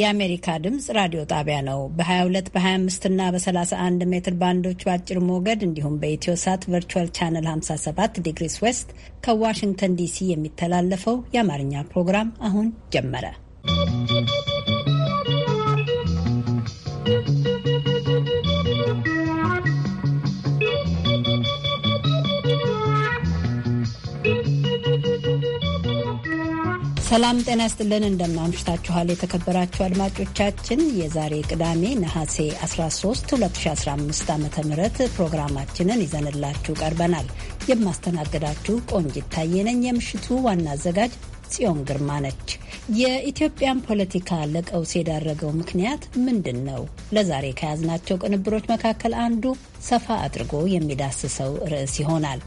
የአሜሪካ ድምፅ ራዲዮ ጣቢያ ነው። በ22 በ25 እና በ31 ሜትር ባንዶች በአጭር ሞገድ እንዲሁም በኢትዮ ሳት ቨርቹዋል ቻነል 57 ዲግሪስ ዌስት ከዋሽንግተን ዲሲ የሚተላለፈው የአማርኛ ፕሮግራም አሁን ጀመረ። ሰላም ጤና ይስጥልን። እንደምናምሽታችኋል የተከበራችሁ አድማጮቻችን የዛሬ ቅዳሜ ነሐሴ 13 2015 ዓ ም ፕሮግራማችንን ይዘንላችሁ ቀርበናል። የማስተናግዳችሁ ቆንጂት ታየ ነኝ። የምሽቱ ዋና አዘጋጅ ጽዮን ግርማ ነች። የኢትዮጵያን ፖለቲካ ለቀውስ የዳረገው ምክንያት ምንድን ነው? ለዛሬ ከያዝናቸው ቅንብሮች መካከል አንዱ ሰፋ አድርጎ የሚዳስሰው ርዕስ ይሆናል።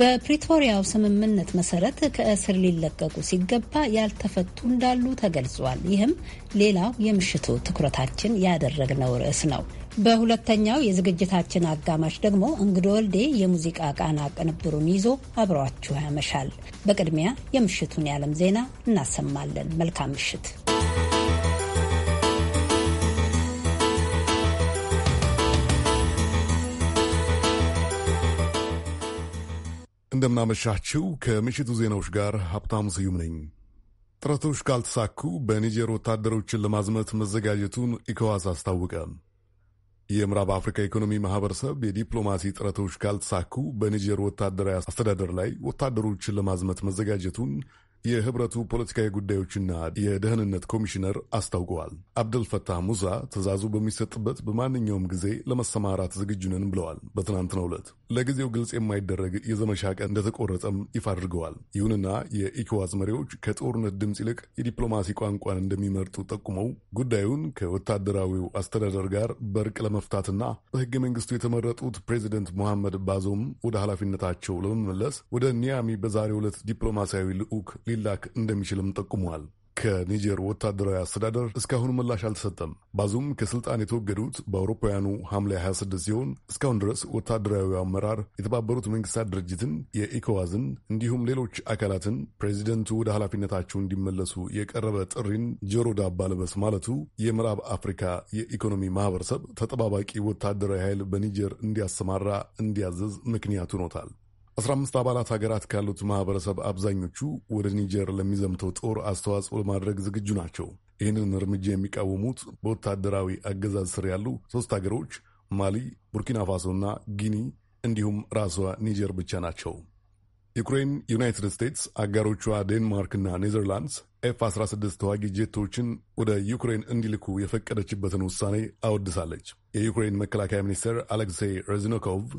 በፕሪቶሪያው ስምምነት መሰረት ከእስር ሊለቀቁ ሲገባ ያልተፈቱ እንዳሉ ተገልጿል። ይህም ሌላው የምሽቱ ትኩረታችን ያደረግነው ርዕስ ነው። በሁለተኛው የዝግጅታችን አጋማሽ ደግሞ እንግዶ ወልዴ የሙዚቃ ቃና ቅንብሩን ይዞ አብሯችሁ ያመሻል። በቅድሚያ የምሽቱን የዓለም ዜና እናሰማለን። መልካም ምሽት። እንደምናመሻችው ከምሽቱ ዜናዎች ጋር ሀብታሙ ስዩም ነኝ። ጥረቶች ካልተሳኩ በኒጀር ወታደሮችን ለማዝመት መዘጋጀቱን ኢኮዋስ አስታወቀ። የምዕራብ አፍሪካ ኢኮኖሚ ማህበረሰብ የዲፕሎማሲ ጥረቶች ካልተሳኩ በኒጀር ወታደራዊ አስተዳደር ላይ ወታደሮችን ለማዝመት መዘጋጀቱን የህብረቱ ፖለቲካዊ ጉዳዮችና የደህንነት ኮሚሽነር አስታውቀዋል። አብደልፈታህ ሙሳ ትዕዛዙ በሚሰጥበት በማንኛውም ጊዜ ለመሰማራት ዝግጁ ነን ብለዋል። በትናንትናው ዕለት ለጊዜው ግልጽ የማይደረግ የዘመቻ ቀን እንደተቆረጠም ይፋ አድርገዋል። ይሁንና የኢኮዋዝ መሪዎች ከጦርነት ድምፅ ይልቅ የዲፕሎማሲ ቋንቋን እንደሚመርጡ ጠቁመው ጉዳዩን ከወታደራዊው አስተዳደር ጋር በእርቅ ለመፍታትና በህገ መንግስቱ የተመረጡት ፕሬዚደንት ሞሐመድ ባዞም ወደ ኃላፊነታቸው ለመመለስ ወደ ኒያሚ በዛሬው ዕለት ዲፕሎማሲያዊ ልዑክ ሊላክ እንደሚችልም ጠቁመዋል። ከኒጀር ወታደራዊ አስተዳደር እስካሁን ምላሽ አልተሰጠም። ባዙም ከስልጣን የተወገዱት በአውሮፓውያኑ ሐምሌ 26 ሲሆን እስካሁን ድረስ ወታደራዊ አመራር የተባበሩት መንግስታት ድርጅትን፣ የኢኮዋዝን እንዲሁም ሌሎች አካላትን ፕሬዚደንቱ ወደ ኃላፊነታቸው እንዲመለሱ የቀረበ ጥሪን ጆሮ ዳባ ልበስ ማለቱ የምዕራብ አፍሪካ የኢኮኖሚ ማህበረሰብ ተጠባባቂ ወታደራዊ ኃይል በኒጀር እንዲያሰማራ እንዲያዘዝ ምክንያት ሆኖታል። 15 አባላት ሀገራት ካሉት ማህበረሰብ አብዛኞቹ ወደ ኒጀር ለሚዘምተው ጦር አስተዋጽኦ ለማድረግ ዝግጁ ናቸው። ይህንን እርምጃ የሚቃወሙት በወታደራዊ አገዛዝ ስር ያሉ ሶስት ሀገሮች ማሊ፣ ቡርኪና ፋሶና ጊኒ እንዲሁም ራሷ ኒጀር ብቻ ናቸው። ዩክሬን፣ ዩናይትድ ስቴትስ፣ አጋሮቿ ዴንማርክና ኔዘርላንድስ ኤፍ 16 ተዋጊ ጄቶችን ወደ ዩክሬን እንዲልኩ የፈቀደችበትን ውሳኔ አወድሳለች። የዩክሬን መከላከያ ሚኒስትር አሌክሴይ ሬዝኒኮቭ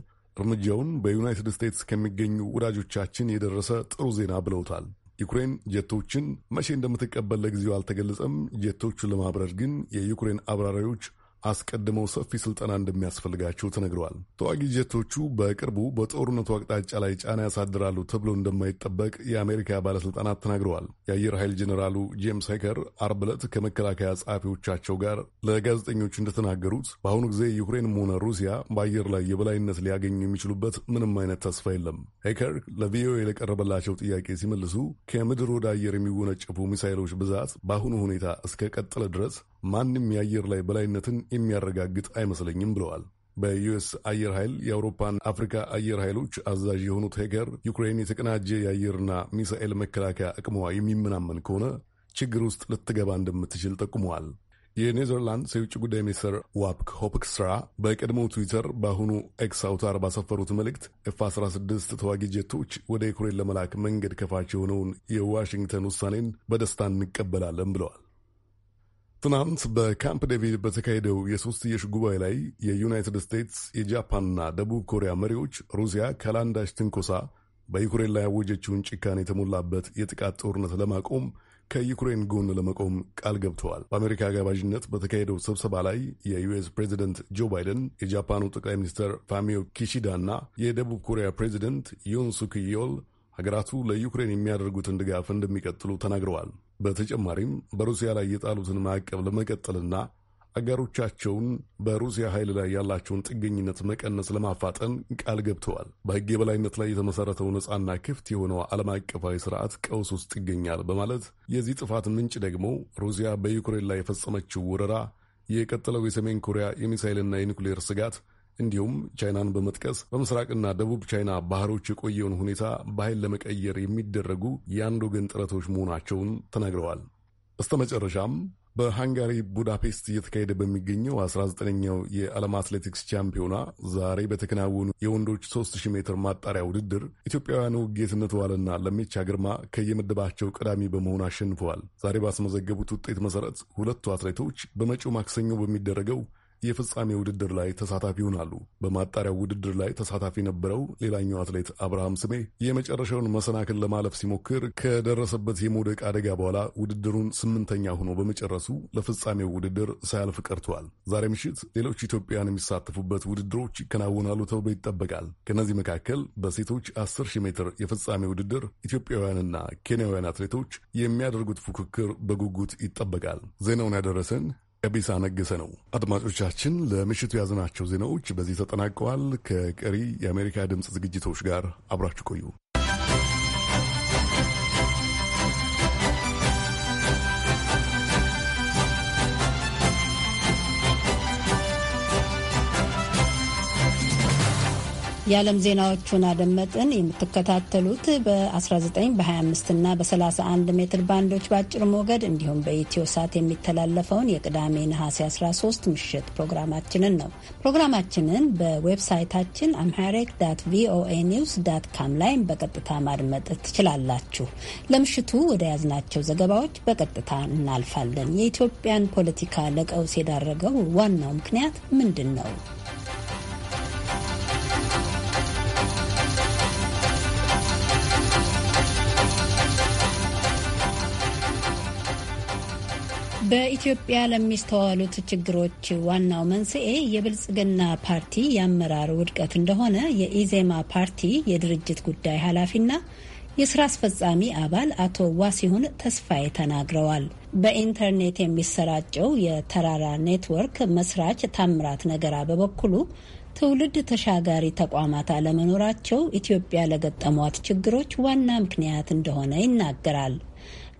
እርምጃውን በዩናይትድ ስቴትስ ከሚገኙ ወዳጆቻችን የደረሰ ጥሩ ዜና ብለውታል። ዩክሬን ጀቶችን መቼ እንደምትቀበል ለጊዜው አልተገለጸም። ጀቶቹን ለማብረር ግን የዩክሬን አብራሪዎች አስቀድመው ሰፊ ስልጠና እንደሚያስፈልጋቸው ተነግረዋል። ተዋጊ ጀቶቹ በቅርቡ በጦርነቱ አቅጣጫ ላይ ጫና ያሳድራሉ ተብሎ እንደማይጠበቅ የአሜሪካ ባለስልጣናት ተናግረዋል። የአየር ኃይል ጀኔራሉ ጄምስ ሄከር አርብ ዕለት ከመከላከያ ጸሐፊዎቻቸው ጋር ለጋዜጠኞች እንደተናገሩት በአሁኑ ጊዜ ዩክሬንም ሆነ ሩሲያ በአየር ላይ የበላይነት ሊያገኙ የሚችሉበት ምንም አይነት ተስፋ የለም። ሄከር ለቪኦኤ ለቀረበላቸው ጥያቄ ሲመልሱ ከምድር ወደ አየር የሚወነጨፉ ሚሳይሎች ብዛት በአሁኑ ሁኔታ እስከ ድረስ ማንም የአየር ላይ በላይነትን የሚያረጋግጥ አይመስለኝም ብለዋል። በዩኤስ አየር ኃይል የአውሮፓና አፍሪካ አየር ኃይሎች አዛዥ የሆኑት ሄገር ዩክሬን የተቀናጀ የአየርና ሚሳኤል መከላከያ አቅሟ የሚመናመን ከሆነ ችግር ውስጥ ልትገባ እንደምትችል ጠቁመዋል። የኔዘርላንድስ የውጭ ጉዳይ ሚኒስትር ዋፕክ ሆፕክስትራ በቀድሞው ትዊተር በአሁኑ ኤክስ አውታር ባሰፈሩት መልእክት ኤፍ 16 ተዋጊ ጀቶች ወደ ዩክሬን ለመላክ መንገድ ከፋች የሆነውን የዋሽንግተን ውሳኔን በደስታ እንቀበላለን ብለዋል። ትናንት በካምፕ ዴቪድ በተካሄደው የሶስትዮሽ ጉባኤ ላይ የዩናይትድ ስቴትስ የጃፓንና ደቡብ ኮሪያ መሪዎች ሩሲያ ካላንዳሽ ትንኮሳ በዩክሬን ላይ ያወጀችውን ጭካን የተሞላበት የጥቃት ጦርነት ለማቆም ከዩክሬን ጎን ለመቆም ቃል ገብተዋል። በአሜሪካ አጋባዥነት በተካሄደው ስብሰባ ላይ የዩኤስ ፕሬዚደንት ጆ ባይደን፣ የጃፓኑ ጠቅላይ ሚኒስትር ፋሚዮ ኪሺዳ እና የደቡብ ኮሪያ ፕሬዚደንት ዮን ሱክ ዮል ሀገራቱ ለዩክሬን የሚያደርጉትን ድጋፍ እንደሚቀጥሉ ተናግረዋል። በተጨማሪም በሩሲያ ላይ የጣሉትን ማዕቀብ ለመቀጠልና አጋሮቻቸውን በሩሲያ ኃይል ላይ ያላቸውን ጥገኝነት መቀነስ ለማፋጠን ቃል ገብተዋል። በሕግ የበላይነት ላይ የተመሠረተው ነጻና ክፍት የሆነው ዓለም አቀፋዊ ስርዓት ቀውስ ውስጥ ይገኛል በማለት የዚህ ጥፋት ምንጭ ደግሞ ሩሲያ በዩክሬን ላይ የፈጸመችው ወረራ፣ የቀጠለው የሰሜን ኮሪያ የሚሳይልና የኒኩሌር ስጋት እንዲሁም ቻይናን በመጥቀስ በምስራቅና ደቡብ ቻይና ባህሮች የቆየውን ሁኔታ በኃይል ለመቀየር የሚደረጉ የአንድ ወገን ጥረቶች መሆናቸውን ተናግረዋል። መጨረሻም በሃንጋሪ ቡዳፔስት እየተካሄደ በሚገኘው 19ኛው የዓለም አትሌቲክስ ቻምፒዮና ዛሬ በተከናወኑ የወንዶች 3000 ሜትር ማጣሪያ ውድድር ኢትዮጵያውያኑ ጌትነት ዋለና ለሜቻ ግርማ ከየምድባቸው ቀዳሚ በመሆን አሸንፈዋል። ዛሬ ባስመዘገቡት ውጤት መሠረት ሁለቱ አትሌቶች በመጪው ማክሰኞ በሚደረገው የፍጻሜ ውድድር ላይ ተሳታፊ ይሆናሉ። በማጣሪያው ውድድር ላይ ተሳታፊ የነበረው ሌላኛው አትሌት አብርሃም ስሜ የመጨረሻውን መሰናክል ለማለፍ ሲሞክር ከደረሰበት የመውደቅ አደጋ በኋላ ውድድሩን ስምንተኛ ሆኖ በመጨረሱ ለፍጻሜው ውድድር ሳያልፍ ቀርቷል። ዛሬ ምሽት ሌሎች ኢትዮጵያውያን የሚሳተፉበት ውድድሮች ይከናወናሉ ተብሎ ይጠበቃል። ከእነዚህ መካከል በሴቶች 10 ሺህ ሜትር የፍጻሜ ውድድር ኢትዮጵያውያንና ኬንያውያን አትሌቶች የሚያደርጉት ፉክክር በጉጉት ይጠበቃል። ዜናውን ያደረሰን ቀቢሳ ነገሰ ነው። አድማጮቻችን፣ ለምሽቱ የያዝናቸው ዜናዎች በዚህ ተጠናቀዋል። ከቀሪ የአሜሪካ ድምፅ ዝግጅቶች ጋር አብራችሁ ቆዩ። የዓለም ዜናዎቹን አደመጥን። የምትከታተሉት በ19 በ25 እና በ31 ሜትር ባንዶች በአጭር ሞገድ እንዲሁም በኢትዮ ሳት የሚተላለፈውን የቅዳሜ ነሐሴ 13 ምሽት ፕሮግራማችንን ነው። ፕሮግራማችንን በዌብሳይታችን አምሃሪክ ዳት ቪኦኤ ኒውስ ዳት ካም ላይ በቀጥታ ማድመጥ ትችላላችሁ። ለምሽቱ ወደ ያዝናቸው ዘገባዎች በቀጥታ እናልፋለን። የኢትዮጵያን ፖለቲካ ለቀውስ የዳረገው ዋናው ምክንያት ምንድን ነው? በኢትዮጵያ ለሚስተዋሉት ችግሮች ዋናው መንስኤ የብልጽግና ፓርቲ የአመራር ውድቀት እንደሆነ የኢዜማ ፓርቲ የድርጅት ጉዳይ ኃላፊና የስራ አስፈጻሚ አባል አቶ ዋሲሁን ተስፋዬ ተናግረዋል። በኢንተርኔት የሚሰራጨው የተራራ ኔትወርክ መስራች ታምራት ነገራ በበኩሉ ትውልድ ተሻጋሪ ተቋማት አለመኖራቸው ኢትዮጵያ ለገጠሟት ችግሮች ዋና ምክንያት እንደሆነ ይናገራል።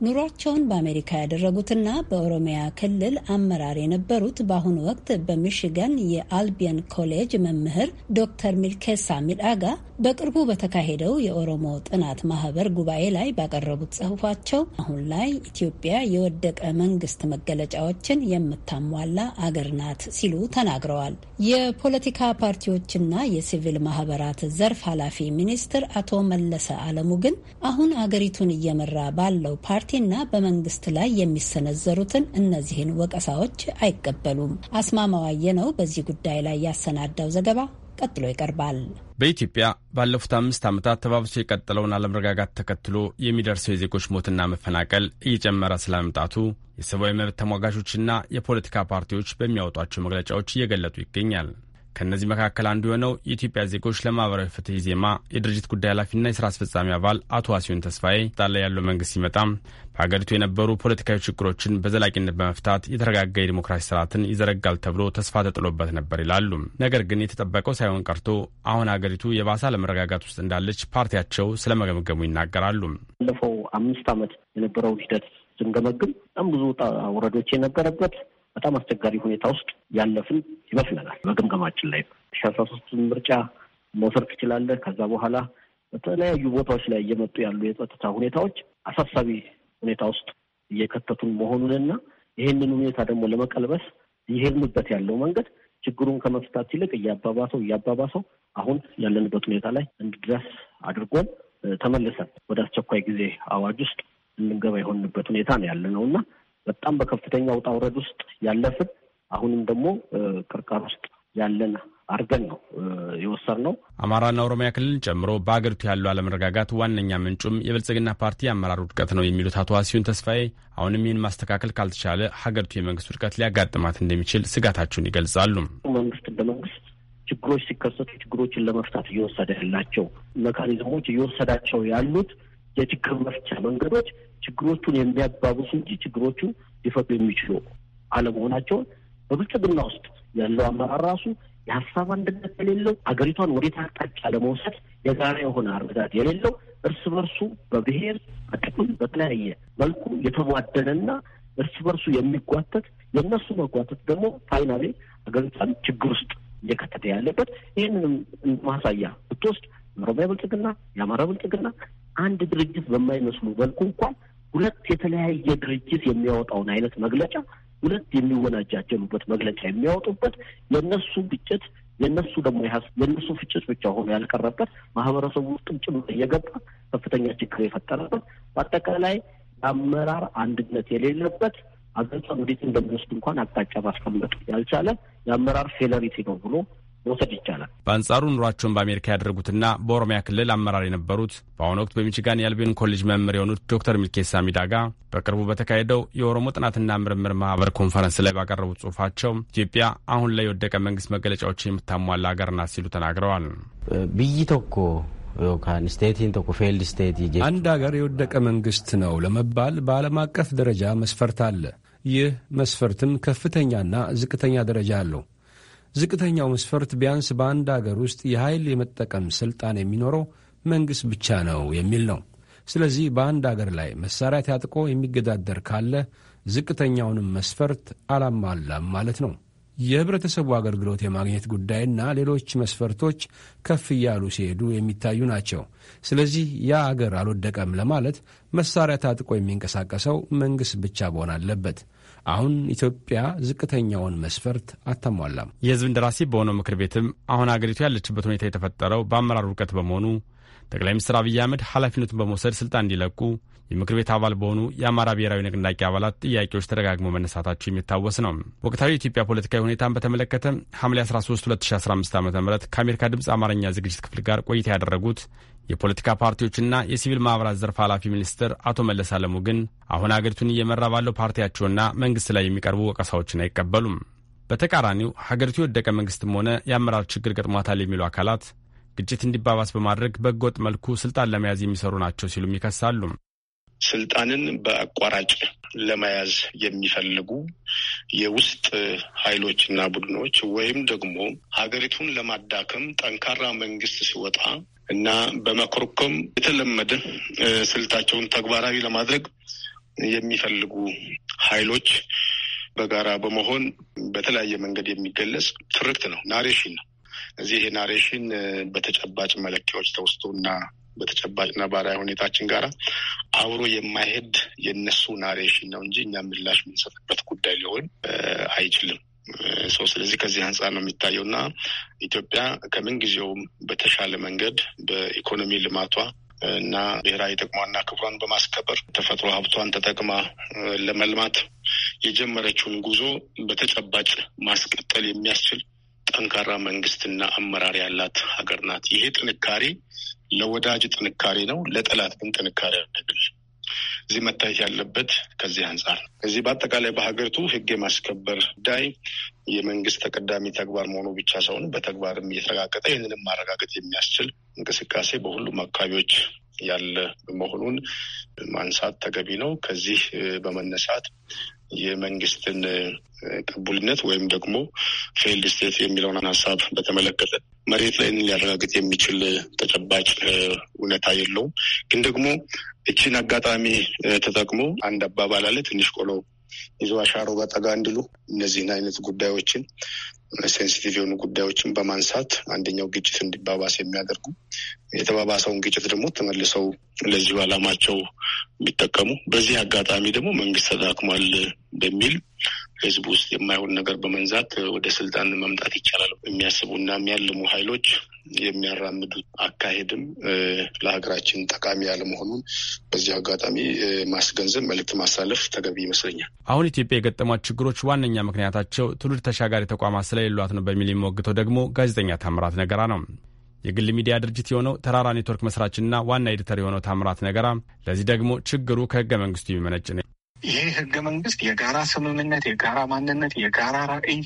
ኑሯቸውን በአሜሪካ ያደረጉትና በኦሮሚያ ክልል አመራር የነበሩት በአሁኑ ወቅት በሚሽገን የአልቢየን ኮሌጅ መምህር ዶክተር ሚልኬሳ ሚልአጋ በቅርቡ በተካሄደው የኦሮሞ ጥናት ማህበር ጉባኤ ላይ ባቀረቡት ጽሑፋቸው አሁን ላይ ኢትዮጵያ የወደቀ መንግስት መገለጫዎችን የምታሟላ አገር ናት ሲሉ ተናግረዋል። የፖለቲካ ፓርቲዎችና የሲቪል ማህበራት ዘርፍ ኃላፊ ሚኒስትር አቶ መለሰ አለሙ ግን አሁን አገሪቱን እየመራ ባለው ፓርቲ ፓርቲና በመንግስት ላይ የሚሰነዘሩትን እነዚህን ወቀሳዎች አይቀበሉም። አስማማዋየ ነው በዚህ ጉዳይ ላይ ያሰናዳው ዘገባ ቀጥሎ ይቀርባል። በኢትዮጵያ ባለፉት አምስት ዓመታት ተባብሶ የቀጠለውን አለመረጋጋት ተከትሎ የሚደርሰው የዜጎች ሞትና መፈናቀል እየጨመረ ስለመምጣቱ የሰብአዊ መብት ተሟጋቾችና የፖለቲካ ፓርቲዎች በሚያወጧቸው መግለጫዎች እየገለጡ ይገኛል። ከእነዚህ መካከል አንዱ የሆነው የኢትዮጵያ ዜጎች ለማህበራዊ ፍትህ ዜማ የድርጅት ጉዳይ ኃላፊና የስራ አስፈጻሚ አባል አቶ ዋሲሁን ተስፋዬ ስልጣን ላይ ያለው መንግስት ሲመጣም በሀገሪቱ የነበሩ ፖለቲካዊ ችግሮችን በዘላቂነት በመፍታት የተረጋጋ የዲሞክራሲ ስርዓትን ይዘረጋል ተብሎ ተስፋ ተጥሎበት ነበር ይላሉ። ነገር ግን የተጠበቀው ሳይሆን ቀርቶ አሁን ሀገሪቱ የባሰ አለመረጋጋት ውስጥ እንዳለች ፓርቲያቸው ስለመገምገሙ ይናገራሉ። ባለፈው አምስት ዓመት የነበረውን ሂደት ስንገመግም በጣም ብዙ ውጣ ውረዶች የነበረበት በጣም አስቸጋሪ ሁኔታ ውስጥ ያለፍን ይመስለናል። በግምገማችን ላይ ሺ አስራ ሶስቱን ምርጫ መውሰድ ትችላለህ። ከዛ በኋላ በተለያዩ ቦታዎች ላይ እየመጡ ያሉ የጸጥታ ሁኔታዎች አሳሳቢ ሁኔታ ውስጥ እየከተቱን መሆኑንና ይህንን ሁኔታ ደግሞ ለመቀልበስ እየሄድንበት ያለው መንገድ ችግሩን ከመፍታት ይልቅ እያባባሰው እያባባሰው አሁን ያለንበት ሁኔታ ላይ እንድድረስ አድርጎን ተመልሰን ወደ አስቸኳይ ጊዜ አዋጅ ውስጥ እንድንገባ የሆንበት ሁኔታ ነው ያለ ነው እና በጣም በከፍተኛ ውጣ ውረድ ውስጥ ያለፍን አሁንም ደግሞ ቅርቃር ውስጥ ያለን አድርገን ነው የወሰድነው። አማራና ኦሮሚያ ክልል ጨምሮ በአገሪቱ ያለው አለመረጋጋት ዋነኛ ምንጩም የብልጽግና ፓርቲ አመራር ውድቀት ነው የሚሉት አቶ ዋሲሁን ተስፋዬ አሁንም ይህን ማስተካከል ካልተቻለ ሀገሪቱ የመንግስት ውድቀት ሊያጋጥማት እንደሚችል ስጋታቸውን ይገልጻሉ። መንግስት እንደ መንግስት ችግሮች ሲከሰቱ ችግሮችን ለመፍታት እየወሰደ ያላቸው ሜካኒዝሞች እየወሰዳቸው ያሉት የችግር መፍቻ መንገዶች ችግሮቹን የሚያባብሱ እንጂ ችግሮቹ ሊፈቱ የሚችሉ አለመሆናቸውን በብልጽግና ውስጥ ያለው አመራር ራሱ የሀሳብ አንድነት የሌለው አገሪቷን ወዴት አቅጣጫ ለመውሰድ የጋራ የሆነ አረዳድ የሌለው እርስ በርሱ በብሔር በጥቅም በተለያየ መልኩ የተቧደነና እርስ በርሱ የሚጓተት የእነሱ መጓተት ደግሞ ፋይናሌ አገሪቷን ችግር ውስጥ እየከተተ ያለበት ይህንንም ማሳያ ብትወስድ ኦሮሚያ ብልጽግና፣ የአማራ ብልጽግና አንድ ድርጅት በማይመስሉ መልኩ እንኳን ሁለት የተለያየ ድርጅት የሚያወጣውን አይነት መግለጫ ሁለት የሚወናጃጀሉበት መግለጫ የሚያወጡበት የእነሱ ግጭት የእነሱ ደግሞ የእነሱ ፍጭት ብቻ ሆኖ ያልቀረበት ማህበረሰቡ ውስጥም ጭምር እየገባ ከፍተኛ ችግር የፈጠረበት በአጠቃላይ የአመራር አንድነት የሌለበት አገልጸ እንዴት እንደሚወስድ እንኳን አቅጣጫ ማስቀመጥ ያልቻለ የአመራር ፌለሪቲ ነው ብሎ መውሰድ ይቻላል። በአንጻሩ ኑሯቸውን በአሜሪካ ያደረጉትና በኦሮሚያ ክልል አመራር የነበሩት በአሁኑ ወቅት በሚችጋን የአልቤን ኮሌጅ መምህር የሆኑት ዶክተር ሚልኬሳ ሚዳጋ በቅርቡ በተካሄደው የኦሮሞ ጥናትና ምርምር ማህበር ኮንፈረንስ ላይ ባቀረቡት ጽሁፋቸው ኢትዮጵያ አሁን ላይ የወደቀ መንግስት መገለጫዎችን የምታሟላ ሀገር ናት ሲሉ ተናግረዋል። ብይ ተኮ አንድ ሀገር የወደቀ መንግስት ነው ለመባል በዓለም አቀፍ ደረጃ መስፈርት አለ። ይህ መስፈርትም ከፍተኛና ዝቅተኛ ደረጃ አለው። ዝቅተኛው መስፈርት ቢያንስ በአንድ አገር ውስጥ የኃይል የመጠቀም ሥልጣን የሚኖረው መንግሥት ብቻ ነው የሚል ነው። ስለዚህ በአንድ አገር ላይ መሳሪያ ታጥቆ የሚገዳደር ካለ ዝቅተኛውንም መስፈርት አላሟላም ማለት ነው። የህብረተሰቡ አገልግሎት የማግኘት ጉዳይና ሌሎች መስፈርቶች ከፍ እያሉ ሲሄዱ የሚታዩ ናቸው። ስለዚህ ያ አገር አልወደቀም ለማለት መሳሪያ ታጥቆ የሚንቀሳቀሰው መንግሥት ብቻ መሆን አለበት። አሁን ኢትዮጵያ ዝቅተኛውን መስፈርት አታሟላም። የህዝብ እንደራሴ በሆነው ምክር ቤትም አሁን አገሪቱ ያለችበት ሁኔታ የተፈጠረው በአመራር እውቀት በመሆኑ ጠቅላይ ሚኒስትር አብይ አህመድ ኃላፊነቱን በመውሰድ ስልጣን እንዲለቁ የምክር ቤት አባል በሆኑ የአማራ ብሔራዊ ንቅናቄ አባላት ጥያቄዎች ተደጋግሞ መነሳታቸው የሚታወስ ነው። ወቅታዊ የኢትዮጵያ ፖለቲካዊ ሁኔታን በተመለከተ ሐምሌ 13 2015 ዓ ም ከአሜሪካ ድምፅ አማርኛ ዝግጅት ክፍል ጋር ቆይታ ያደረጉት የፖለቲካ ፓርቲዎችና የሲቪል ማኅበራት ዘርፍ ኃላፊ ሚኒስትር አቶ መለስ አለሙ ግን አሁን አገሪቱን እየመራ ባለው ፓርቲያቸውና መንግሥት ላይ የሚቀርቡ ወቀሳዎችን አይቀበሉም። በተቃራኒው ሀገሪቱ የወደቀ መንግሥትም ሆነ የአመራር ችግር ገጥሟታል የሚሉ አካላት ግጭት እንዲባባስ በማድረግ በሕገወጥ መልኩ ስልጣን ለመያዝ የሚሰሩ ናቸው ሲሉም ይከሳሉ። ስልጣንን በአቋራጭ ለመያዝ የሚፈልጉ የውስጥ ኃይሎችና ቡድኖች ወይም ደግሞ ሀገሪቱን ለማዳከም ጠንካራ መንግስት ሲወጣ እና በመኮርኮም የተለመደ ስልታቸውን ተግባራዊ ለማድረግ የሚፈልጉ ኃይሎች በጋራ በመሆን በተለያየ መንገድ የሚገለጽ ትርክት ነው፣ ናሬሽን ነው። እዚህ ናሬሽን በተጨባጭ መለኪያዎች ተወስቶ እና በተጨባጭና ነባራዊ ሁኔታችን ጋር አብሮ የማይሄድ የነሱ ናሬሽን ነው እንጂ እኛ ምላሽ የምንሰጥበት ጉዳይ ሊሆን አይችልም። ሰው ስለዚህ ከዚህ አንጻር ነው የሚታየው እና ኢትዮጵያ ከምንጊዜውም በተሻለ መንገድ በኢኮኖሚ ልማቷ እና ብሔራዊ ጥቅሟና ክብሯን በማስከበር ተፈጥሮ ሀብቷን ተጠቅማ ለመልማት የጀመረችውን ጉዞ በተጨባጭ ማስቀጠል የሚያስችል ጠንካራ መንግስትና አመራር ያላት ሀገር ናት። ይሄ ጥንካሬ ለወዳጅ ጥንካሬ ነው፣ ለጠላት ግን ጥንካሬ አይደለም። እዚህ መታየት ያለበት ከዚህ አንጻር ነው። እዚህ በአጠቃላይ በሀገሪቱ ህግ የማስከበር ጉዳይ የመንግስት ተቀዳሚ ተግባር መሆኑ ብቻ ሳይሆን በተግባርም እየተረጋገጠ ይህንንም ማረጋገጥ የሚያስችል እንቅስቃሴ በሁሉም አካባቢዎች ያለ መሆኑን ማንሳት ተገቢ ነው። ከዚህ በመነሳት የመንግስትን ቅቡልነት ወይም ደግሞ ፌልድ ስቴት የሚለውን ሀሳብ በተመለከተ መሬት ላይ ሊያረጋግጥ የሚችል ተጨባጭ እውነታ የለውም። ግን ደግሞ እችን አጋጣሚ ተጠቅሞ አንድ አባባል አለ ትንሽ ቆሎ ይዞ አሻሮ በጠጋ እንዲሉ እነዚህን አይነት ጉዳዮችን ሴንሲቲቭ የሆኑ ጉዳዮችን በማንሳት አንደኛው ግጭት እንዲባባስ የሚያደርጉ የተባባሰውን ግጭት ደግሞ ተመልሰው ለዚሁ ዓላማቸው የሚጠቀሙ በዚህ አጋጣሚ ደግሞ መንግስት ተዳክሟል በሚል ህዝብ ውስጥ የማይሆን ነገር በመንዛት ወደ ስልጣን መምጣት ይቻላል የሚያስቡና የሚያልሙ ኃይሎች የሚያራምዱት አካሄድም ለሀገራችን ጠቃሚ ያለመሆኑን በዚህ አጋጣሚ ማስገንዘብ፣ መልእክት ማሳለፍ ተገቢ ይመስለኛል። አሁን ኢትዮጵያ የገጠሟት ችግሮች ዋነኛ ምክንያታቸው ትውልድ ተሻጋሪ ተቋማት ስለሌሏት ነው በሚል የሚሞግተው ደግሞ ጋዜጠኛ ታምራት ነገራ ነው። የግል ሚዲያ ድርጅት የሆነው ተራራ ኔትወርክ መስራችና ዋና ኤዲተር የሆነው ታምራት ነገራ ለዚህ ደግሞ ችግሩ ከህገ መንግስቱ የሚመነጭ ነው ይህ ህገ መንግስት የጋራ ስምምነት፣ የጋራ ማንነት፣ የጋራ ራዕይ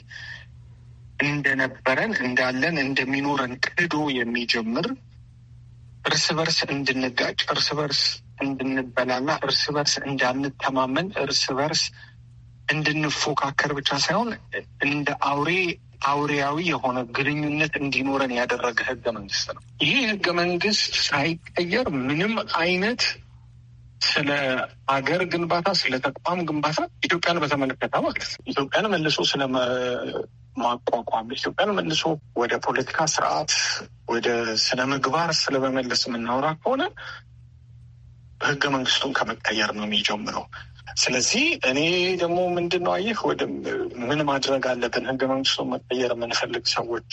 እንደነበረን እንዳለን እንደሚኖረን ክዶ የሚጀምር እርስ በርስ እንድንጋጭ፣ እርስ በርስ እንድንበላላ፣ እርስ በርስ እንዳንተማመን፣ እርስ በርስ እንድንፎካከር ብቻ ሳይሆን እንደ አውሬ አውሬያዊ የሆነ ግንኙነት እንዲኖረን ያደረገ ህገ መንግስት ነው። ይህ ህገ መንግስት ሳይቀየር ምንም አይነት ስለ አገር ግንባታ፣ ስለ ተቋም ግንባታ ኢትዮጵያን በተመለከተ ማለት ኢትዮጵያን መልሶ ስለ ማቋቋም፣ ኢትዮጵያን መልሶ ወደ ፖለቲካ ስርዓት፣ ወደ ስነ ምግባር ስለመመለስ የምናወራ ከሆነ ህገ መንግስቱን ከመቀየር ነው የሚጀምረው። ስለዚህ እኔ ደግሞ ምንድን ነው አየህ ወደ ምን ማድረግ አለብን ህገ መንግስቱ መቀየር የምንፈልግ ሰዎች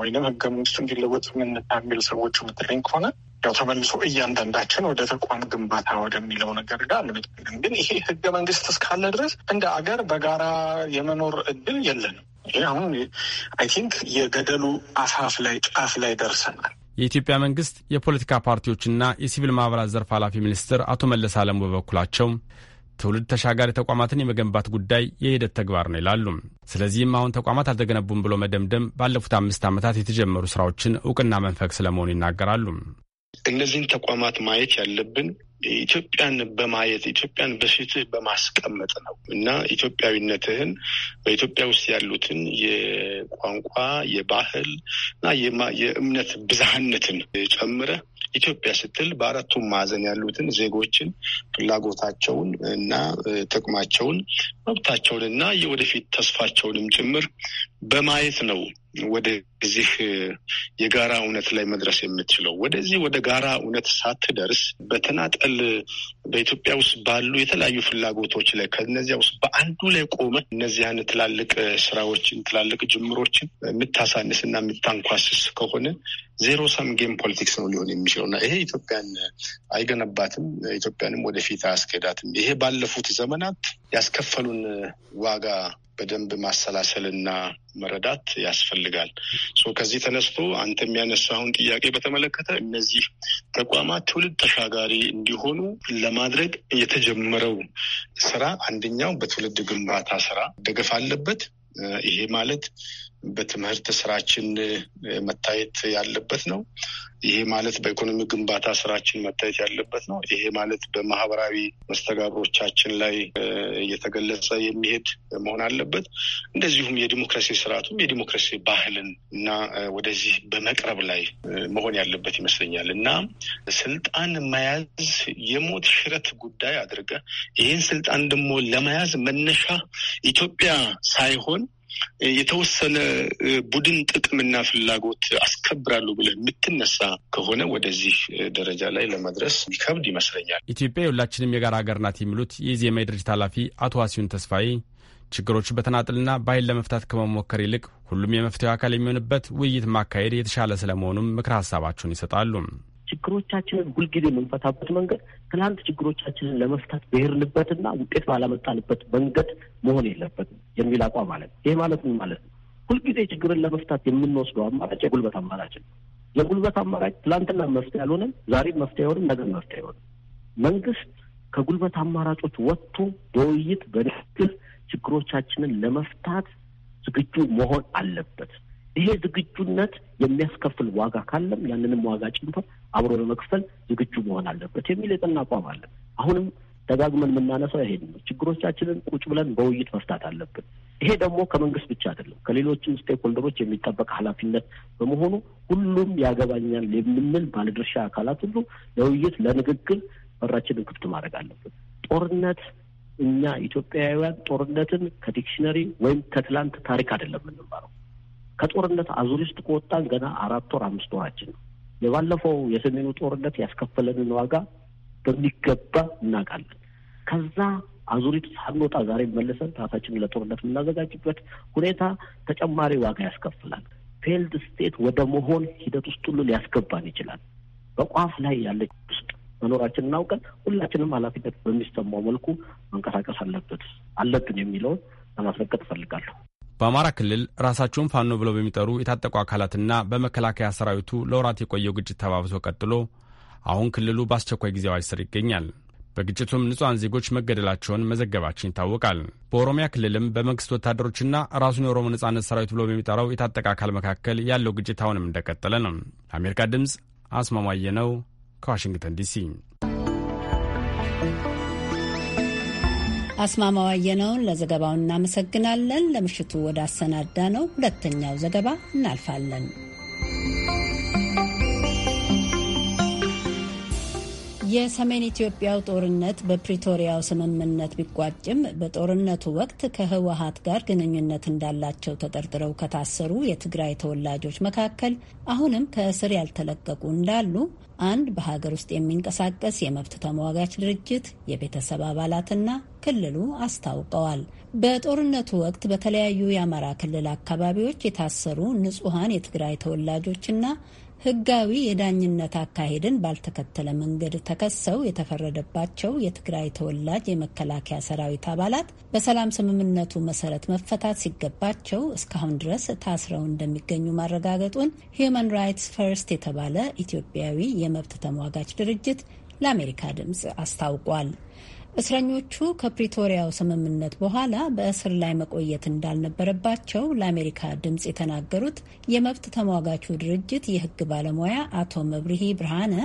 ወይም ህገ መንግስቱ እንዲለወጥ የምንታሚል ሰዎች ምትለኝ ከሆነ ያው ተመልሶ እያንዳንዳችን ወደ ተቋም ግንባታ ወደሚለው ነገር ጋር አልመጣም። ግን ይሄ ህገ መንግስት እስካለ ድረስ እንደ አገር በጋራ የመኖር እድል የለንም። ይህ አሁን አይ ቲንክ የገደሉ አፋፍ ላይ ጫፍ ላይ ደርሰናል። የኢትዮጵያ መንግስት የፖለቲካ ፓርቲዎችና የሲቪል ማህበራት ዘርፍ ኃላፊ ሚኒስትር አቶ መለስ አለሙ በበኩላቸው ትውልድ ተሻጋሪ ተቋማትን የመገንባት ጉዳይ የሂደት ተግባር ነው ይላሉ። ስለዚህም አሁን ተቋማት አልተገነቡም ብሎ መደምደም ባለፉት አምስት ዓመታት የተጀመሩ ስራዎችን እውቅና መንፈግ ስለመሆኑ ይናገራሉ። እነዚህን ተቋማት ማየት ያለብን ኢትዮጵያን በማየት ኢትዮጵያን በፊትህ በማስቀመጥ ነው እና ኢትዮጵያዊነትህን በኢትዮጵያ ውስጥ ያሉትን የቋንቋ፣ የባህል እና የእምነት ብዝሃነትን ጨምረህ ኢትዮጵያ ስትል በአራቱም ማዕዘን ያሉትን ዜጎችን ፍላጎታቸውን እና ጥቅማቸውን እና የወደፊት ተስፋቸውንም ጭምር በማየት ነው ወደዚህ የጋራ እውነት ላይ መድረስ የምትችለው። ወደዚህ ወደ ጋራ እውነት ሳትደርስ በተናጠል በኢትዮጵያ ውስጥ ባሉ የተለያዩ ፍላጎቶች ላይ ከነዚያ ውስጥ በአንዱ ላይ ቆመ እነዚያን ትላልቅ ስራዎችን ትላልቅ ጅምሮችን የምታሳንስና የምታንኳስስ ከሆነ ዜሮ ሰም ጌም ፖለቲክስ ነው ሊሆን የሚችለው እና ይሄ ኢትዮጵያን አይገነባትም፣ ኢትዮጵያንም ወደፊት አያስኬዳትም። ይሄ ባለፉት ዘመናት ያስከፈሉን ዋጋ በደንብ ማሰላሰልና መረዳት ያስፈልጋል። ከዚህ ተነስቶ አንተ የሚያነሳውን ጥያቄ በተመለከተ እነዚህ ተቋማት ትውልድ ተሻጋሪ እንዲሆኑ ለማድረግ የተጀመረው ስራ አንደኛው በትውልድ ግንባታ ስራ ደገፍ አለበት። ይሄ ማለት በትምህርት ስራችን መታየት ያለበት ነው። ይሄ ማለት በኢኮኖሚ ግንባታ ስራችን መታየት ያለበት ነው። ይሄ ማለት በማህበራዊ መስተጋብሮቻችን ላይ እየተገለጸ የሚሄድ መሆን አለበት። እንደዚሁም የዲሞክራሲ ስርዓቱም የዲሞክራሲ ባህልን እና ወደዚህ በመቅረብ ላይ መሆን ያለበት ይመስለኛል እና ስልጣን መያዝ የሞት ሽረት ጉዳይ አድርገ ይህን ስልጣን ደግሞ ለመያዝ መነሻ ኢትዮጵያ ሳይሆን የተወሰነ ቡድን ጥቅምና ፍላጎት አስከብራሉ ብለን የምትነሳ ከሆነ ወደዚህ ደረጃ ላይ ለመድረስ ይከብድ ይመስለኛል። ኢትዮጵያ የሁላችንም የጋራ ሀገር ናት የሚሉት የኢዜማ የድርጅት ኃላፊ አቶ ዋሲሁን ተስፋዬ ችግሮቹ በተናጥልና በኃይል ለመፍታት ከመሞከር ይልቅ ሁሉም የመፍትሄው አካል የሚሆንበት ውይይት ማካሄድ የተሻለ ስለመሆኑም ምክረ ሀሳባቸውን ይሰጣሉ። ችግሮቻችንን ሁልጊዜ የምንፈታበት መንገድ ትላንት ችግሮቻችንን ለመፍታት ብሄርንበትና ውጤት ባላመጣንበት መንገድ መሆን የለበትም የሚል አቋም ማለት ይሄ ይህ ማለት ምን ማለት ነው? ሁልጊዜ ችግርን ለመፍታት የምንወስደው አማራጭ የጉልበት አማራጭ ነው። የጉልበት አማራጭ ትላንትና መፍትሄ አልሆነም፣ ዛሬም መፍትሄ አይሆንም፣ ነገር መፍትሄ አይሆንም። መንግስት ከጉልበት አማራጮች ወጥቶ በውይይት በንግግር ችግሮቻችንን ለመፍታት ዝግጁ መሆን አለበት። ይሄ ዝግጁነት የሚያስከፍል ዋጋ ካለም ያንንም ዋጋ ጭምር አብሮ ለመክፈል ዝግጁ መሆን አለበት የሚል የጠና አቋም አለ። አሁንም ደጋግመን የምናነሳው ይሄን ነው። ችግሮቻችንን ቁጭ ብለን በውይይት መፍታት አለብን። ይሄ ደግሞ ከመንግስት ብቻ አይደለም ከሌሎችም ስቴክሆልደሮች የሚጠበቅ ኃላፊነት በመሆኑ ሁሉም ያገባኛል የምንል ባለድርሻ አካላት ሁሉ ለውይይት ለንግግር በራችንን ክፍት ማድረግ አለብን። ጦርነት እኛ ኢትዮጵያውያን ጦርነትን ከዲክሽነሪ ወይም ከትላንት ታሪክ አይደለም የምንማረው። ከጦርነት አዙሪት ውስጥ ከወጣን ገና አራት ወር አምስት ወራችን ነው። የባለፈው የሰሜኑ ጦርነት ያስከፈለንን ዋጋ በሚገባ እናውቃለን። ከዛ አዙሪት ሳንወጣ ዛሬ መለሰን ራሳችንን ለጦርነት የምናዘጋጅበት ሁኔታ ተጨማሪ ዋጋ ያስከፍላል። ፌልድ ስቴት ወደ መሆን ሂደት ውስጥ ሁሉ ሊያስገባን ይችላል። በቋፍ ላይ ያለች ውስጥ መኖራችን እናውቀን ሁላችንም ኃላፊነት በሚሰማው መልኩ መንቀሳቀስ አለበት አለብን የሚለውን ለማስረገጥ እፈልጋለሁ። በአማራ ክልል ራሳቸውን ፋኖ ብለው በሚጠሩ የታጠቁ አካላትና በመከላከያ ሰራዊቱ ለወራት የቆየው ግጭት ተባብሶ ቀጥሎ አሁን ክልሉ በአስቸኳይ ጊዜ አዋጅ ስር ይገኛል። በግጭቱም ንጹሐን ዜጎች መገደላቸውን መዘገባችን ይታወቃል። በኦሮሚያ ክልልም በመንግስት ወታደሮችና ራሱን የኦሮሞ ነጻነት ሰራዊት ብሎ በሚጠራው የታጠቀ አካል መካከል ያለው ግጭት አሁንም እንደቀጠለ ነው። ለአሜሪካ ድምፅ አስማማየ ነው ከዋሽንግተን ዲሲ አስማማው አየነውን ለዘገባው እናመሰግናለን። ለምሽቱ ወደ አሰናዳ ነው ሁለተኛው ዘገባ እናልፋለን። የሰሜን ኢትዮጵያው ጦርነት በፕሪቶሪያው ስምምነት ቢቋጭም በጦርነቱ ወቅት ከህወሀት ጋር ግንኙነት እንዳላቸው ተጠርጥረው ከታሰሩ የትግራይ ተወላጆች መካከል አሁንም ከእስር ያልተለቀቁ እንዳሉ አንድ በሀገር ውስጥ የሚንቀሳቀስ የመብት ተሟጋች ድርጅት የቤተሰብ አባላትና ክልሉ አስታውቀዋል። በጦርነቱ ወቅት በተለያዩ የአማራ ክልል አካባቢዎች የታሰሩ ንጹሐን የትግራይ ተወላጆችና ህጋዊ የዳኝነት አካሄድን ባልተከተለ መንገድ ተከሰው የተፈረደባቸው የትግራይ ተወላጅ የመከላከያ ሰራዊት አባላት በሰላም ስምምነቱ መሰረት መፈታት ሲገባቸው እስካሁን ድረስ ታስረው እንደሚገኙ ማረጋገጡን ሂዩማን ራይትስ ፈርስት የተባለ ኢትዮጵያዊ የመብት ተሟጋች ድርጅት ለአሜሪካ ድምፅ አስታውቋል። እስረኞቹ ከፕሪቶሪያው ስምምነት በኋላ በእስር ላይ መቆየት እንዳልነበረባቸው ለአሜሪካ ድምፅ የተናገሩት የመብት ተሟጋቹ ድርጅት የሕግ ባለሙያ አቶ መብርሂ ብርሃነ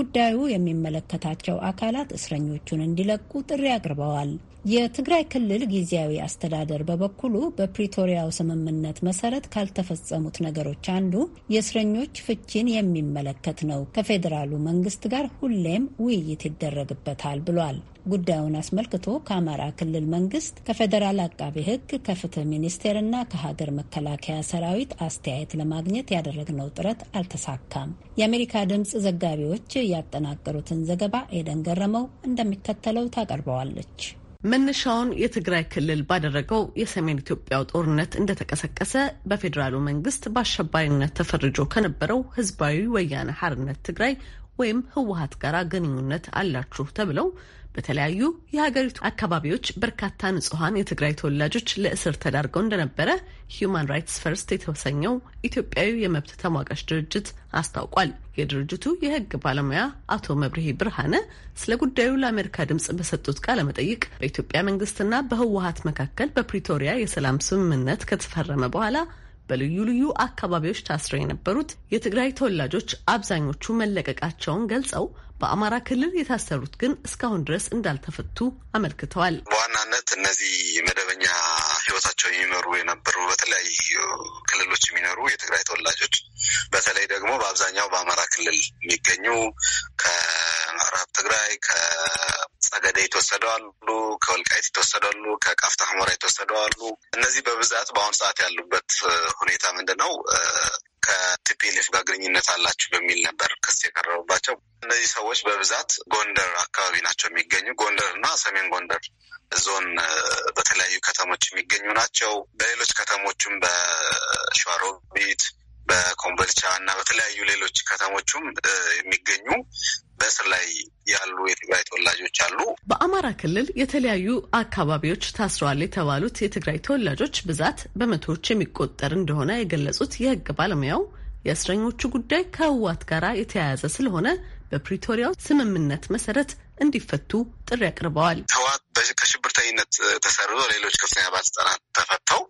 ጉዳዩ የሚመለከታቸው አካላት እስረኞቹን እንዲለቁ ጥሪ አቅርበዋል። የትግራይ ክልል ጊዜያዊ አስተዳደር በበኩሉ በፕሪቶሪያው ስምምነት መሰረት ካልተፈጸሙት ነገሮች አንዱ የእስረኞች ፍቺን የሚመለከት ነው። ከፌዴራሉ መንግስት ጋር ሁሌም ውይይት ይደረግበታል ብሏል። ጉዳዩን አስመልክቶ ከአማራ ክልል መንግስት፣ ከፌዴራል አቃቤ ሕግ፣ ከፍትህ ሚኒስቴር እና ከሀገር መከላከያ ሰራዊት አስተያየት ለማግኘት ያደረግነው ጥረት አልተሳካም። የአሜሪካ ድምፅ ዘጋቢዎች ያጠናቀሩትን ዘገባ ኤደን ገረመው እንደሚከተለው ታቀርበዋለች። መነሻውን የትግራይ ክልል ባደረገው የሰሜን ኢትዮጵያው ጦርነት እንደተቀሰቀሰ በፌዴራሉ መንግስት በአሸባሪነት ተፈርጆ ከነበረው ህዝባዊ ወያነ ሀርነት ትግራይ ወይም ህወሀት ጋር ግንኙነት አላችሁ ተብለው በተለያዩ የሀገሪቱ አካባቢዎች በርካታ ንጹሐን የትግራይ ተወላጆች ለእስር ተዳርገው እንደነበረ ሂዩማን ራይትስ ፈርስት የተሰኘው ኢትዮጵያዊ የመብት ተሟጋች ድርጅት አስታውቋል። የድርጅቱ የሕግ ባለሙያ አቶ መብርሄ ብርሃነ ስለ ጉዳዩ ለአሜሪካ ድምጽ በሰጡት ቃለ መጠይቅ በኢትዮጵያ መንግስትና በህወሀት መካከል በፕሪቶሪያ የሰላም ስምምነት ከተፈረመ በኋላ በልዩ ልዩ አካባቢዎች ታስረው የነበሩት የትግራይ ተወላጆች አብዛኞቹ መለቀቃቸውን ገልጸው በአማራ ክልል የታሰሩት ግን እስካሁን ድረስ እንዳልተፈቱ አመልክተዋል። በዋናነት እነዚህ መደበኛ ሕይወታቸው የሚመሩ የነበሩ በተለያዩ ክልሎች የሚኖሩ የትግራይ ተወላጆች በተለይ ደግሞ በአብዛኛው በአማራ ክልል የሚገኙ ትግራይ ከጸገደ የተወሰዱ አሉ፣ ከወልቃይት የተወሰዱ አሉ፣ ከቃፍታ ሁመራ የተወሰዱ አሉ። እነዚህ በብዛት በአሁኑ ሰዓት ያሉበት ሁኔታ ምንድን ነው? ከቲፒኤልኤፍ ጋር ግንኙነት አላችሁ በሚል ነበር ክስ የቀረቡባቸው። እነዚህ ሰዎች በብዛት ጎንደር አካባቢ ናቸው የሚገኙ። ጎንደር እና ሰሜን ጎንደር ዞን በተለያዩ ከተሞች የሚገኙ ናቸው። በሌሎች ከተሞችም በሸዋሮቢት በኮምቦልቻ እና በተለያዩ ሌሎች ከተሞችም የሚገኙ በእስር ላይ ያሉ የትግራይ ተወላጆች አሉ። በአማራ ክልል የተለያዩ አካባቢዎች ታስረዋል የተባሉት የትግራይ ተወላጆች ብዛት በመቶዎች የሚቆጠር እንደሆነ የገለጹት የህግ ባለሙያው የእስረኞቹ ጉዳይ ከህወሓት ጋር የተያያዘ ስለሆነ በፕሪቶሪያው ስምምነት መሰረት እንዲፈቱ ጥሪ አቅርበዋል። ህወሓት ከሽብርተኝነት ተሰርዞ ሌሎች ከፍተኛ ባለስልጣናት ተፈተው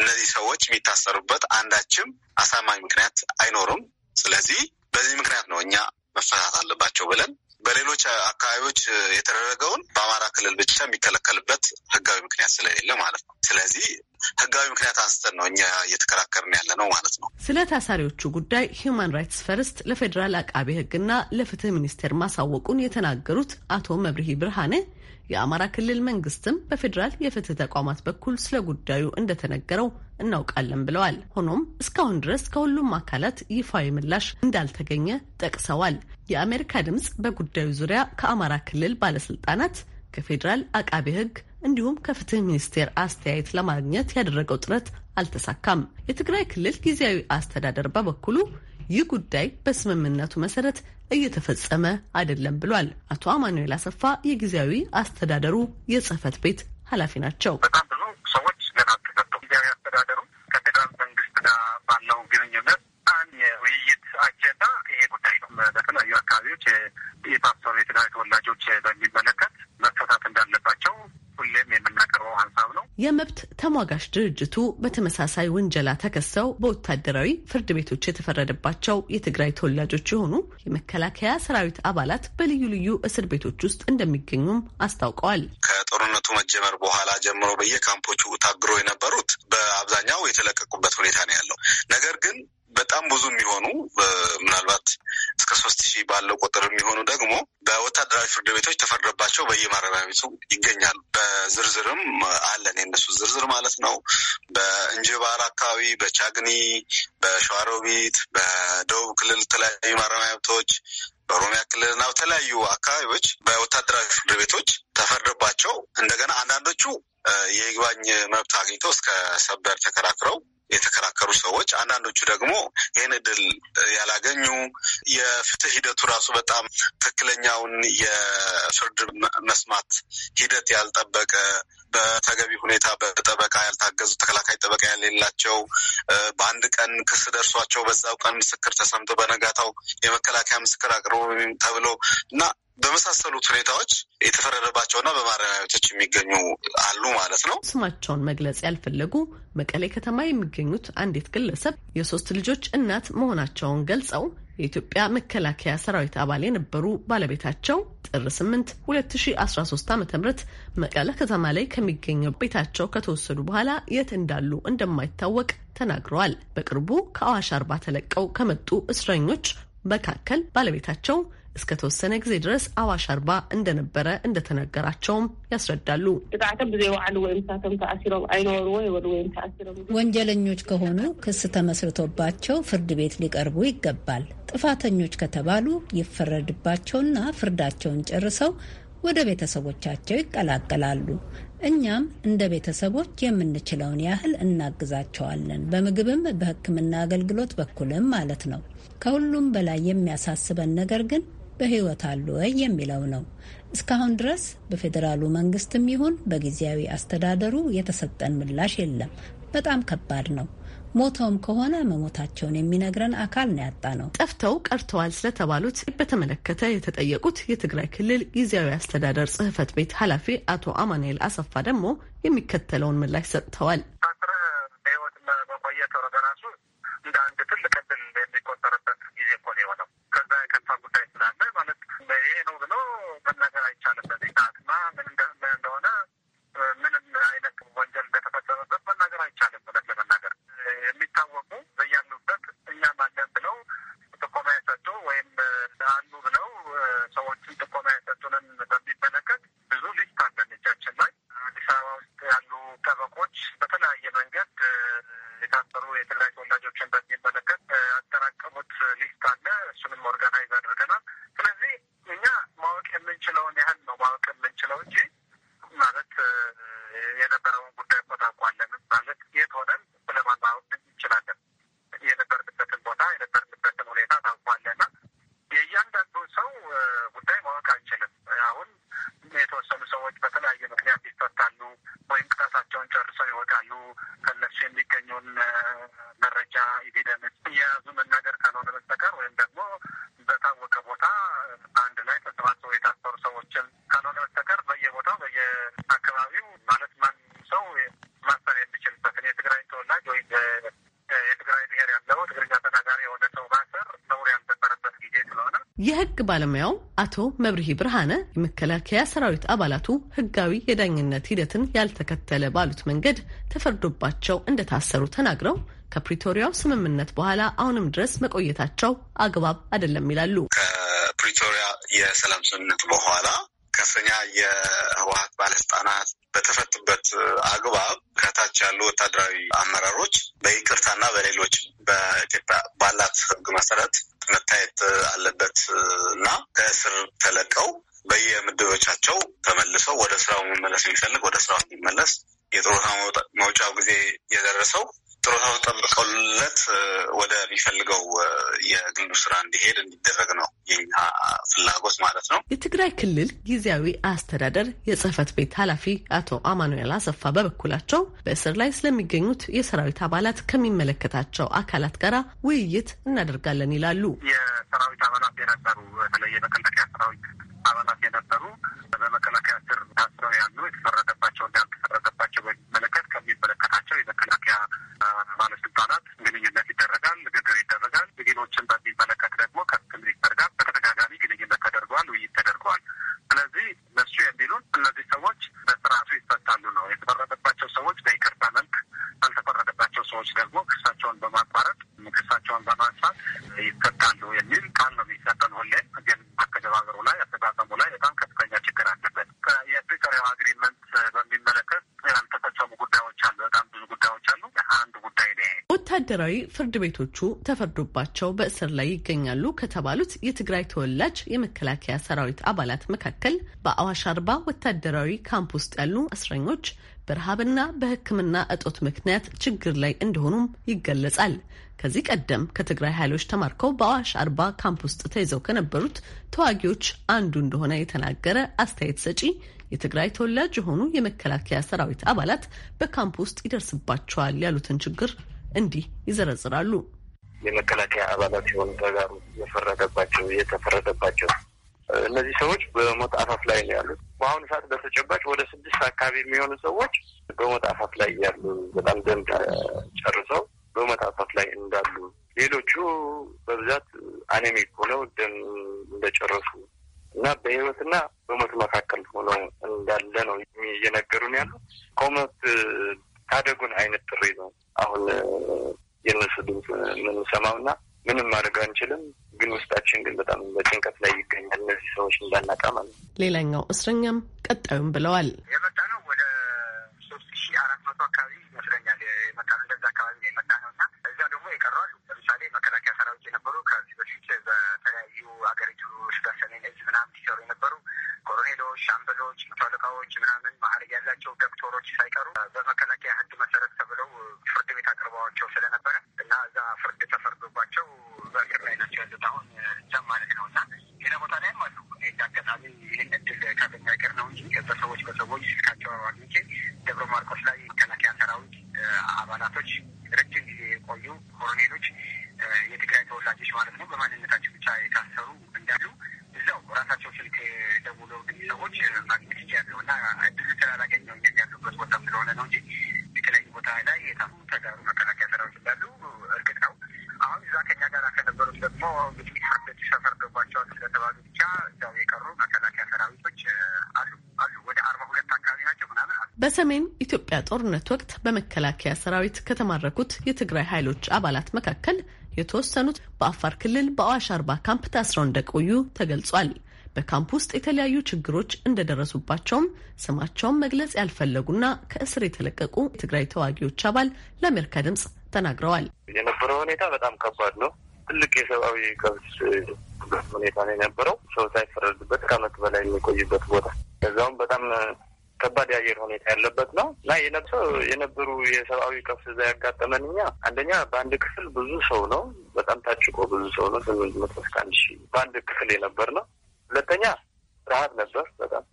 እነዚህ ሰዎች የሚታሰሩበት አንዳችም አሳማኝ ምክንያት አይኖርም። ስለዚህ በዚህ ምክንያት ነው እኛ መፈታት አለባቸው ብለን በሌሎች አካባቢዎች የተደረገውን በአማራ ክልል ብቻ የሚከለከልበት ህጋዊ ምክንያት ስለሌለ ማለት ነው። ስለዚህ ህጋዊ ምክንያት አንስተን ነው እኛ እየተከራከርን ያለ ነው ማለት ነው። ስለ ታሳሪዎቹ ጉዳይ ሂውማን ራይትስ ፈርስት ለፌዴራል አቃቤ ህግና ለፍትህ ሚኒስቴር ማሳወቁን የተናገሩት አቶ መብርሂ ብርሃኔ የአማራ ክልል መንግስትም በፌዴራል የፍትህ ተቋማት በኩል ስለ ጉዳዩ እንደተነገረው እናውቃለን ብለዋል። ሆኖም እስካሁን ድረስ ከሁሉም አካላት ይፋዊ ምላሽ እንዳልተገኘ ጠቅሰዋል። የአሜሪካ ድምፅ በጉዳዩ ዙሪያ ከአማራ ክልል ባለስልጣናት፣ ከፌዴራል አቃቢ ሕግ እንዲሁም ከፍትህ ሚኒስቴር አስተያየት ለማግኘት ያደረገው ጥረት አልተሳካም። የትግራይ ክልል ጊዜያዊ አስተዳደር በበኩሉ ይህ ጉዳይ በስምምነቱ መሰረት እየተፈጸመ አይደለም ብሏል። አቶ አማኑኤል አሰፋ የጊዜያዊ አስተዳደሩ የጽህፈት ቤት ኃላፊ ናቸው። በጣም ብዙ በተለያዩ አካባቢዎች የፓስተር የትግራይ ተወላጆች በሚመለከት መፈታት እንዳለባቸው ሁሌም የምናቀርበው ሀሳብ ነው። የመብት ተሟጋች ድርጅቱ በተመሳሳይ ውንጀላ ተከሰው በወታደራዊ ፍርድ ቤቶች የተፈረደባቸው የትግራይ ተወላጆች የሆኑ የመከላከያ ሰራዊት አባላት በልዩ ልዩ እስር ቤቶች ውስጥ እንደሚገኙም አስታውቀዋል። ከጦርነቱ መጀመር በኋላ ጀምሮ በየካምፖቹ ታግሮ የነበሩት በአብዛኛው የተለቀቁበት ሁኔታ ነው ያለው። ነገር ግን በጣም ብዙ የሚሆኑ ምናልባት እስከ ሶስት ሺህ ባለው ቁጥር የሚሆኑ ደግሞ በወታደራዊ ፍርድ ቤቶች ተፈርዶባቸው በየማረሚያ ቤቱ ይገኛሉ። በዝርዝርም አለን የነሱ ዝርዝር ማለት ነው። በእንጅባር አካባቢ፣ በቻግኒ፣ በሸዋሮቢት፣ በደቡብ ክልል የተለያዩ ማረሚያ ቤቶች በኦሮሚያ ክልልና በተለያዩ አካባቢዎች በወታደራዊ ፍርድ ቤቶች ተፈርዶባቸው እንደገና አንዳንዶቹ የይግባኝ መብት አግኝተው እስከ ሰበር ተከራክረው የተከራከሩ ሰዎች፣ አንዳንዶቹ ደግሞ ይህን እድል ያላገኙ የፍትህ ሂደቱ ራሱ በጣም ትክክለኛውን የፍርድ መስማት ሂደት ያልጠበቀ በተገቢ ሁኔታ በጠበቃ ያልታገዙ ተከላካይ ጠበቃ ያሌላቸው በአንድ ቀን ክስ ደርሷቸው በዛው ቀን ምስክር ተሰምቶ በነጋታው የመከላከያ ምስክር አቅርቡ ተብሎ እና በመሳሰሉት ሁኔታዎች የተፈረደባቸውና በማረሚያ ቤቶች የሚገኙ አሉ ማለት ነው። ስማቸውን መግለጽ ያልፈለጉ መቀሌ ከተማ የሚገኙት አንዲት ግለሰብ የሶስት ልጆች እናት መሆናቸውን ገልጸው የኢትዮጵያ መከላከያ ሰራዊት አባል የነበሩ ባለቤታቸው ጥር 8 2013 ዓ ም መቀለ ከተማ ላይ ከሚገኘው ቤታቸው ከተወሰዱ በኋላ የት እንዳሉ እንደማይታወቅ ተናግረዋል። በቅርቡ ከአዋሽ አርባ ተለቀው ከመጡ እስረኞች መካከል ባለቤታቸው እስከ ተወሰነ ጊዜ ድረስ አዋሽ አርባ እንደነበረ እንደተነገራቸውም ያስረዳሉ። ወንጀለኞች ከሆኑ ክስ ተመስርቶባቸው ፍርድ ቤት ሊቀርቡ ይገባል። ጥፋተኞች ከተባሉ ይፈረድባቸውና ፍርዳቸውን ጨርሰው ወደ ቤተሰቦቻቸው ይቀላቀላሉ። እኛም እንደ ቤተሰቦች የምንችለውን ያህል እናግዛቸዋለን። በምግብም በሕክምና አገልግሎት በኩልም ማለት ነው። ከሁሉም በላይ የሚያሳስበን ነገር ግን በህይወት አሉ ወይ የሚለው ነው። እስካሁን ድረስ በፌዴራሉ መንግስትም ይሁን በጊዜያዊ አስተዳደሩ የተሰጠን ምላሽ የለም። በጣም ከባድ ነው። ሞተውም ከሆነ መሞታቸውን የሚነግረን አካል ነው ያጣ ነው። ጠፍተው ቀርተዋል ስለተባሉት በተመለከተ የተጠየቁት የትግራይ ክልል ጊዜያዊ አስተዳደር ጽህፈት ቤት ኃላፊ አቶ አማኑኤል አሰፋ ደግሞ የሚከተለውን ምላሽ ሰጥተዋል። መቆየት እንደ አንድ ትልቅ ድል የሚቆጠርበት ጊዜ እኮ ነው የሆነው። ከዛ የከፋ ጉዳይ ስላለ ማለት ይሄ ነው ብሎ መናገር አይቻልም። በዚህ ሰዓት እና ምን እንደሆነ ምንም አይነት ወንጀል እንደተፈጸመበት መናገር አይቻልም። ብለን ለመናገር የሚታወቁ በያሉበት እኛም አለን ብለው ጥቆማ የሰጡ ወይም አሉ ብለው ሰዎችን የህግ ባለሙያው አቶ መብርሂ ብርሃነ የመከላከያ ሰራዊት አባላቱ ህጋዊ የዳኝነት ሂደትን ያልተከተለ ባሉት መንገድ ተፈርዶባቸው እንደታሰሩ ተናግረው ከፕሪቶሪያው ስምምነት በኋላ አሁንም ድረስ መቆየታቸው አግባብ አይደለም ይላሉ። ከፕሪቶሪያ የሰላም ስምምነት በኋላ ከፍተኛ የህወሀት ባለስልጣናት በተፈቱበት አግባብ ከታች ያሉ ወታደራዊ አመራሮች በይቅርታና በ la ክልል ጊዜያዊ አስተዳደር የጽህፈት ቤት ኃላፊ አቶ አማኑኤል አሰፋ በበኩላቸው በእስር ላይ ስለሚገኙት የሰራዊት አባላት ከሚመለከታቸው አካላት ጋር ውይይት እናደርጋለን ይላሉ። የሰራዊት አባላት የነበሩ በተለይ የመከላከያ ሰራዊት አባላት የነበሩ በመከላከያ ስር ታስረው ያሉ የተፈረደባቸው እና ያልተፈረደባቸው በሚመለከት ከሚመለከታቸው የመከላከያ ባለስልጣናት ግንኙነት ይደረጋል፣ ንግግር ይደረጋል። ዜጎችን በሚመለከት ደግሞ ከፍትህ ሚኒስቴር ጋር በተደጋጋሚ ተደርጓል፣ ውይይት ተደርጓል። ስለዚህ እነሱ የሚሉን እነዚህ ሰዎች በስርዓቱ ይፈታሉ ነው። የተፈረደባቸው ሰዎች በይቅርታ መልክ፣ ያልተፈረደባቸው ሰዎች ደግሞ ሀገራዊ ፍርድ ቤቶቹ ተፈርዶባቸው በእስር ላይ ይገኛሉ ከተባሉት የትግራይ ተወላጅ የመከላከያ ሰራዊት አባላት መካከል በአዋሽ አርባ ወታደራዊ ካምፕ ውስጥ ያሉ እስረኞች በረሃብና በሕክምና እጦት ምክንያት ችግር ላይ እንደሆኑም ይገለጻል። ከዚህ ቀደም ከትግራይ ኃይሎች ተማርከው በአዋሽ አርባ ካምፕ ውስጥ ተይዘው ከነበሩት ተዋጊዎች አንዱ እንደሆነ የተናገረ አስተያየት ሰጪ የትግራይ ተወላጅ የሆኑ የመከላከያ ሰራዊት አባላት በካምፕ ውስጥ ይደርስባቸዋል ያሉትን ችግር እንዲህ ይዘረዝራሉ። የመከላከያ አባላት የሆኑ ተጋሩ የፈረደባቸው የተፈረደባቸው እነዚህ ሰዎች በሞት አፋፍ ላይ ነው ያሉት። በአሁኑ ሰዓት በተጨባጭ ወደ ስድስት አካባቢ የሚሆኑ ሰዎች በሞት አፋፍ ላይ ያሉ በጣም ደም ጨርሰው በሞት አፋፍ ላይ እንዳሉ፣ ሌሎቹ በብዛት አኔሚክ ሆነው ደም እንደጨረሱ እና በህይወትና በሞት መካከል ሆነው እንዳለ ነው እየነገሩን ያሉ ከሞት ታደጉን አይነት ጥሪ ነው። አሁን የነሱ ድምፅ የምንሰማው እና ምንም ማድረግ አንችልም፣ ግን ውስጣችን ግን በጣም በጭንቀት ላይ ይገኛል። እነዚህ ሰዎች እንዳናጣ ማለት ነው። ሌላኛው እስረኛም ቀጣዩም ብለዋል የመጣ ነው ወደ ሶስት ሺህ አራት መቶ አካባቢ ይመስለኛል የመጣ ነው። እንደዛ አካባቢ ነው የመጣ ነው እና ቀረዋል። ለምሳሌ መከላከያ ሰራዊት የነበሩ ከዚህ በፊት በተለያዩ ሀገሪቱ ሽዳት ሰሜን እዝ ምናምን ሲሰሩ የነበሩ ኮሎኔሎች፣ ሻምበሎች፣ መቶ አለቃዎች ምናምን ማዕረግ ያላቸው ዶክተሮች ሳይቀሩ በመከላከያ ሕግ መሰረት ተብለው ፍርድ ቤት አቅርበዋቸው ስለነበረ እና እዛ ፍርድ ተፈርዶባቸው በእስር ላይ ናቸው ያሉት አሁን እዛም ማለት ነው እና ሌላ ቦታ ላይም አሉ። እንደ አጋጣሚ ይህን እድል ካገኘሁ አይቀር ነው እንጂ በሰዎች በሰዎች ስልካቸው አግኝቼ ደብረ ማርቆስ ላይ መከላከያ ሰራዊት አባላቶች you, Cornea. ጦርነት ወቅት በመከላከያ ሰራዊት ከተማረኩት የትግራይ ኃይሎች አባላት መካከል የተወሰኑት በአፋር ክልል በአዋሽ አርባ ካምፕ ታስረው እንደቆዩ ተገልጿል። በካምፕ ውስጥ የተለያዩ ችግሮች እንደደረሱባቸውም ስማቸውን መግለጽ ያልፈለጉና ከእስር የተለቀቁ የትግራይ ተዋጊዎች አባል ለአሜሪካ ድምጽ ተናግረዋል። የነበረው ሁኔታ በጣም ከባድ ነው። ትልቅ የሰብአዊ ቀውስ ሁኔታ ነው የነበረው። ሰው ሳይፈረድበት ከአመት በላይ የሚቆይበት ቦታ ከዛውም በጣም ከባድ የአየር ሁኔታ ያለበት ነው እና የነበሩ የሰብአዊ ቀውስ እዛ ያጋጠመን እኛ አንደኛ በአንድ ክፍል ብዙ ሰው ነው። በጣም ታጭቆ ብዙ ሰው ነው። ስምንት መቶ እስከ አንድ ሺ በአንድ ክፍል የነበር ነው። ሁለተኛ ረሀብ ነበር። በጣም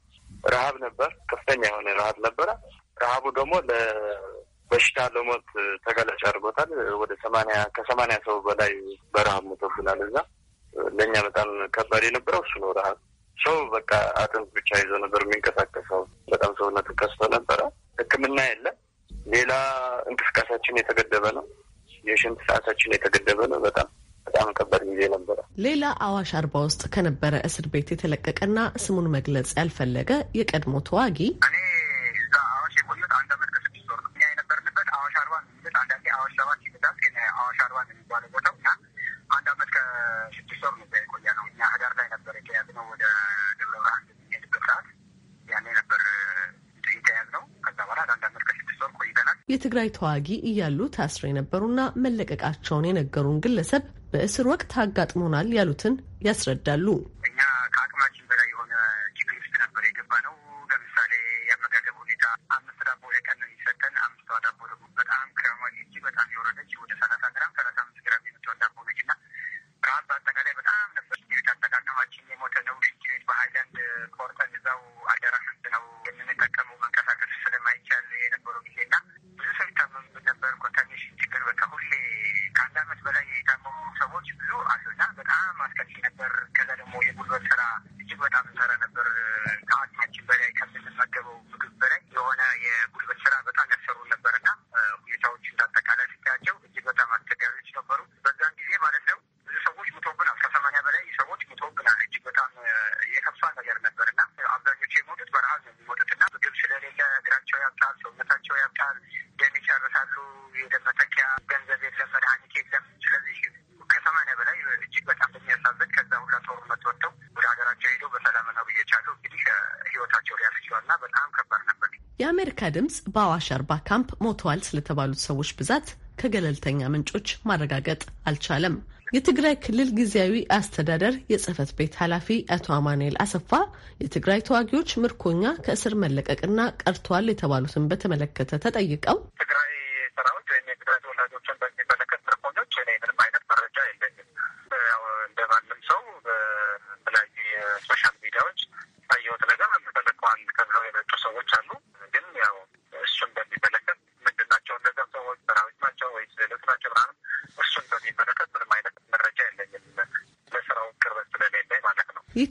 ረሀብ ነበር። ከፍተኛ የሆነ ረሀብ ነበረ። ረሀቡ ደግሞ በሽታ ለሞት ተገለጭ አድርጎታል። ወደ ሰማንያ ከሰማንያ ሰው በላይ በረሀብ ሞቶብናል። እዛ ለእኛ በጣም ከባድ የነበረው እሱ ነው ረሀብ ሰው በቃ አጥንት ብቻ ይዞ ነበር የሚንቀሳቀሰው። በጣም ሰውነት ከስቶ ነበረ። ሕክምና የለም። ሌላ እንቅስቃሴያችን የተገደበ ነው። የሽንት ሰዓታችን የተገደበ ነው። በጣም በጣም ከባድ ጊዜ ነበረ። ሌላ አዋሽ አርባ ውስጥ ከነበረ እስር ቤት የተለቀቀና ስሙን መግለጽ ያልፈለገ የቀድሞ ተዋጊ አዋሽ አርባ አንዳንዴ አዋሽ ሰባት ግን አዋሽ አርባ የሚባለው ቦታ የትግራይ ተዋጊ እያሉ ታስረው የነበሩና መለቀቃቸውን የነገሩን ግለሰብ በእስር ወቅት አጋጥሞናል ያሉትን ያስረዳሉ። ድምፅ በአዋሽ አርባ ካምፕ ሞተዋል ስለተባሉት ሰዎች ብዛት ከገለልተኛ ምንጮች ማረጋገጥ አልቻለም። የትግራይ ክልል ጊዜያዊ አስተዳደር የጽህፈት ቤት ኃላፊ አቶ አማኑኤል አሰፋ የትግራይ ተዋጊዎች ምርኮኛ ከእስር መለቀቅና ቀርተዋል የተባሉትን በተመለከተ ተጠይቀው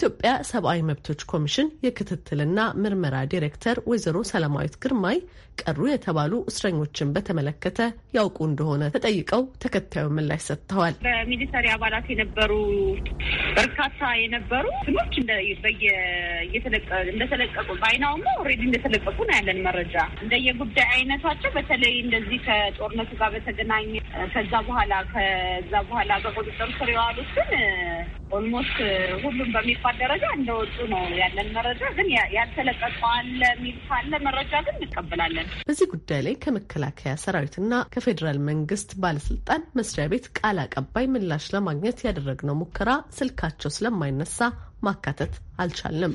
የኢትዮጵያ ሰብአዊ መብቶች ኮሚሽን የክትትልና ምርመራ ዲሬክተር ወይዘሮ ሰላማዊት ግርማይ ቀሩ የተባሉ እስረኞችን በተመለከተ ያውቁ እንደሆነ ተጠይቀው ተከታዩ ምላሽ ሰጥተዋል። በሚሊተሪ አባላት የነበሩ በርካታ የነበሩ ስሞች እንደተለቀቁ በአይናውማ ኦልሬዲ እንደተለቀቁ ነው ያለን መረጃ። እንደየጉዳይ አይነታቸው በተለይ እንደዚህ ከጦርነቱ ጋር በተገናኘ ከዛ በኋላ ከዛ በኋላ በቁጥጥር ስር የዋሉትን ኦልሞስት ሁሉም በሚባል ደረጃ እንደወጡ ነው ያለን መረጃ። ግን ያልተለቀቀ አለ የሚል ካለ መረጃ ግን እንቀበላለን። በዚህ ጉዳይ ላይ ከመከላከያ ሰራዊትና ከፌዴራል መንግስት ባለስልጣን መስሪያ ቤት ቃል አቀባይ ምላሽ ለማግኘት ያደረግነው ሙከራ ስልካቸው ስለማይነሳ ማካተት አልቻለም።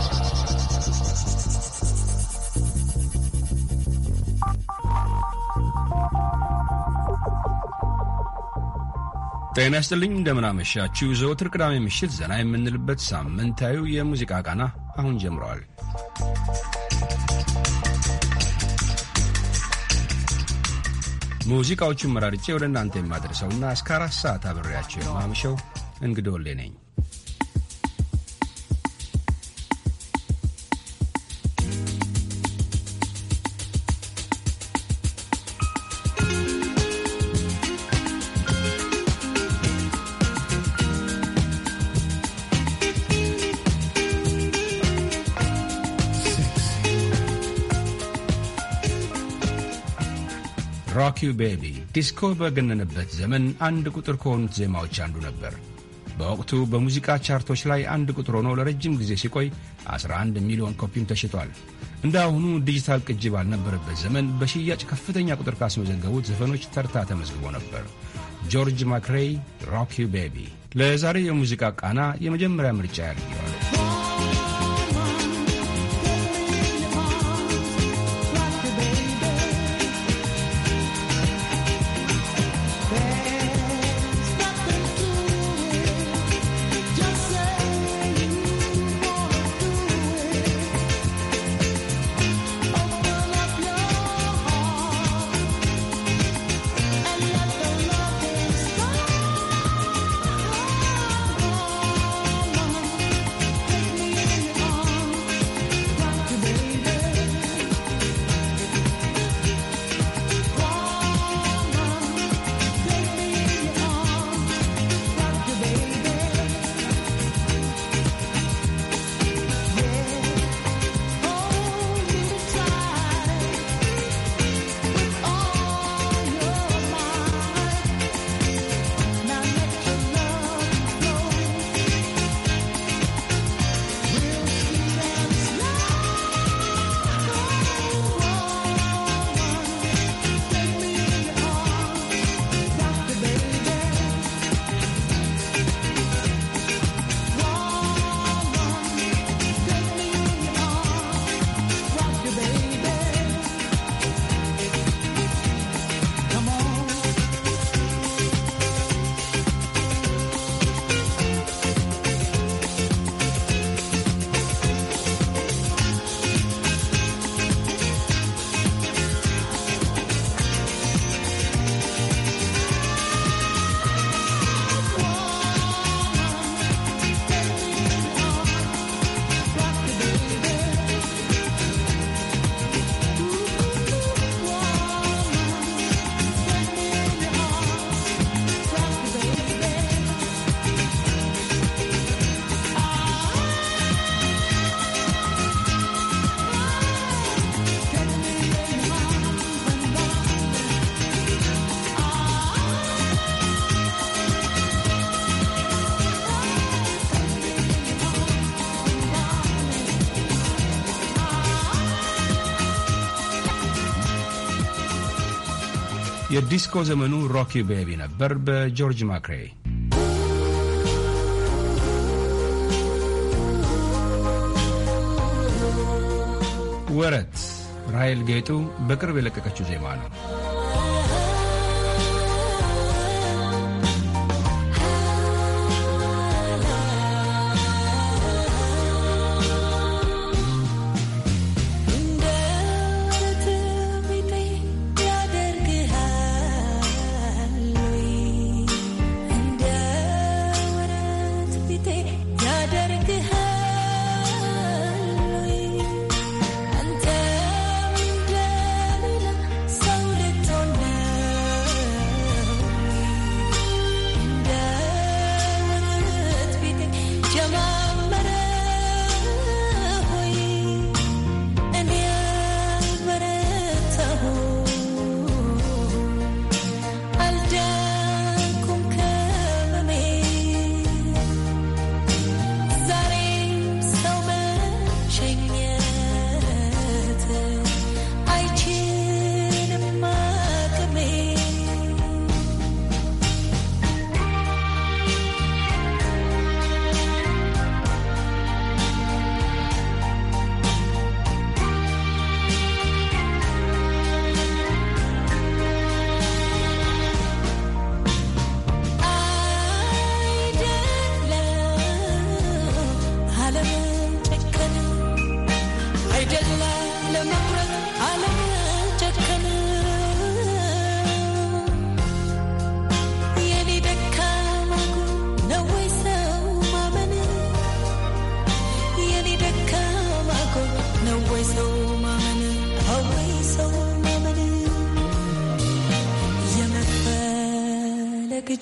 ጤና ይስጥልኝ እንደምናመሻችሁ። ዘወትር ቅዳሜ ምሽት ዘና የምንልበት ሳምንታዊ የሙዚቃ ቃና አሁን ጀምረዋል። ሙዚቃዎቹን መራርጬ ወደ እናንተ የማደርሰውና እስከ አራት ሰዓት አብሬያቸው የማምሸው እንግዶሌ ነኝ። ዩ ቤቢ ዲስኮ በገነነበት ዘመን አንድ ቁጥር ከሆኑት ዜማዎች አንዱ ነበር። በወቅቱ በሙዚቃ ቻርቶች ላይ አንድ ቁጥር ሆኖ ለረጅም ጊዜ ሲቆይ 11 ሚሊዮን ኮፒም ተሽጧል። እንደ አሁኑ ዲጂታል ቅጂ ባልነበረበት ዘመን በሽያጭ ከፍተኛ ቁጥር ካስመዘገቡት ዘፈኖች ተርታ ተመዝግቦ ነበር። ጆርጅ ማክሬይ ሮክ ዩ ቤቢ ለዛሬ የሙዚቃ ቃና የመጀመሪያ ምርጫ ያደርገዋል። የዲስኮ ዘመኑ ሮኪ ቤቢ ነበር በጆርጅ ማክሬ። ወረት ራይል ጌጡ በቅርብ የለቀቀችው ዜማ ነው።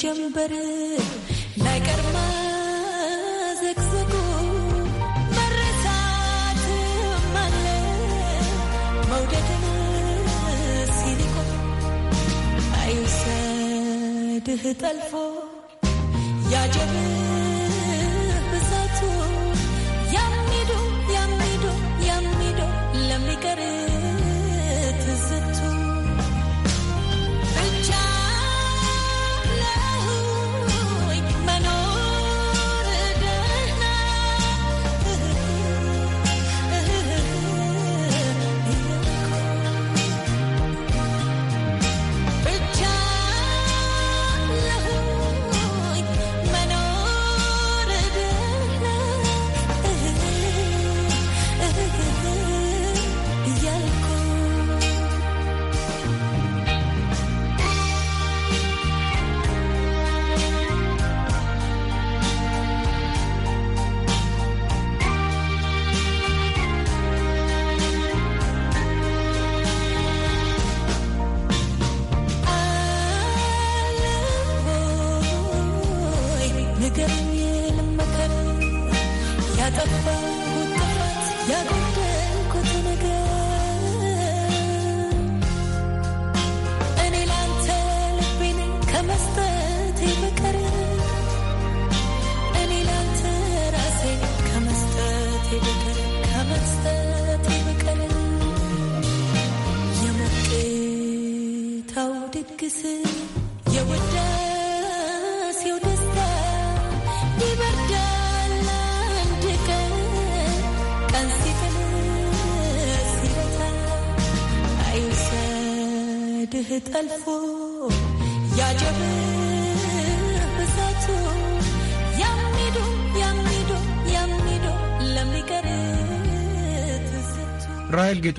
ጀንበር ናይ ቀርማ ዘግዘጉ መረሳት ማለ መውደድን ሲኒቆ አይውሰድህ ጠልፎ ያጀብ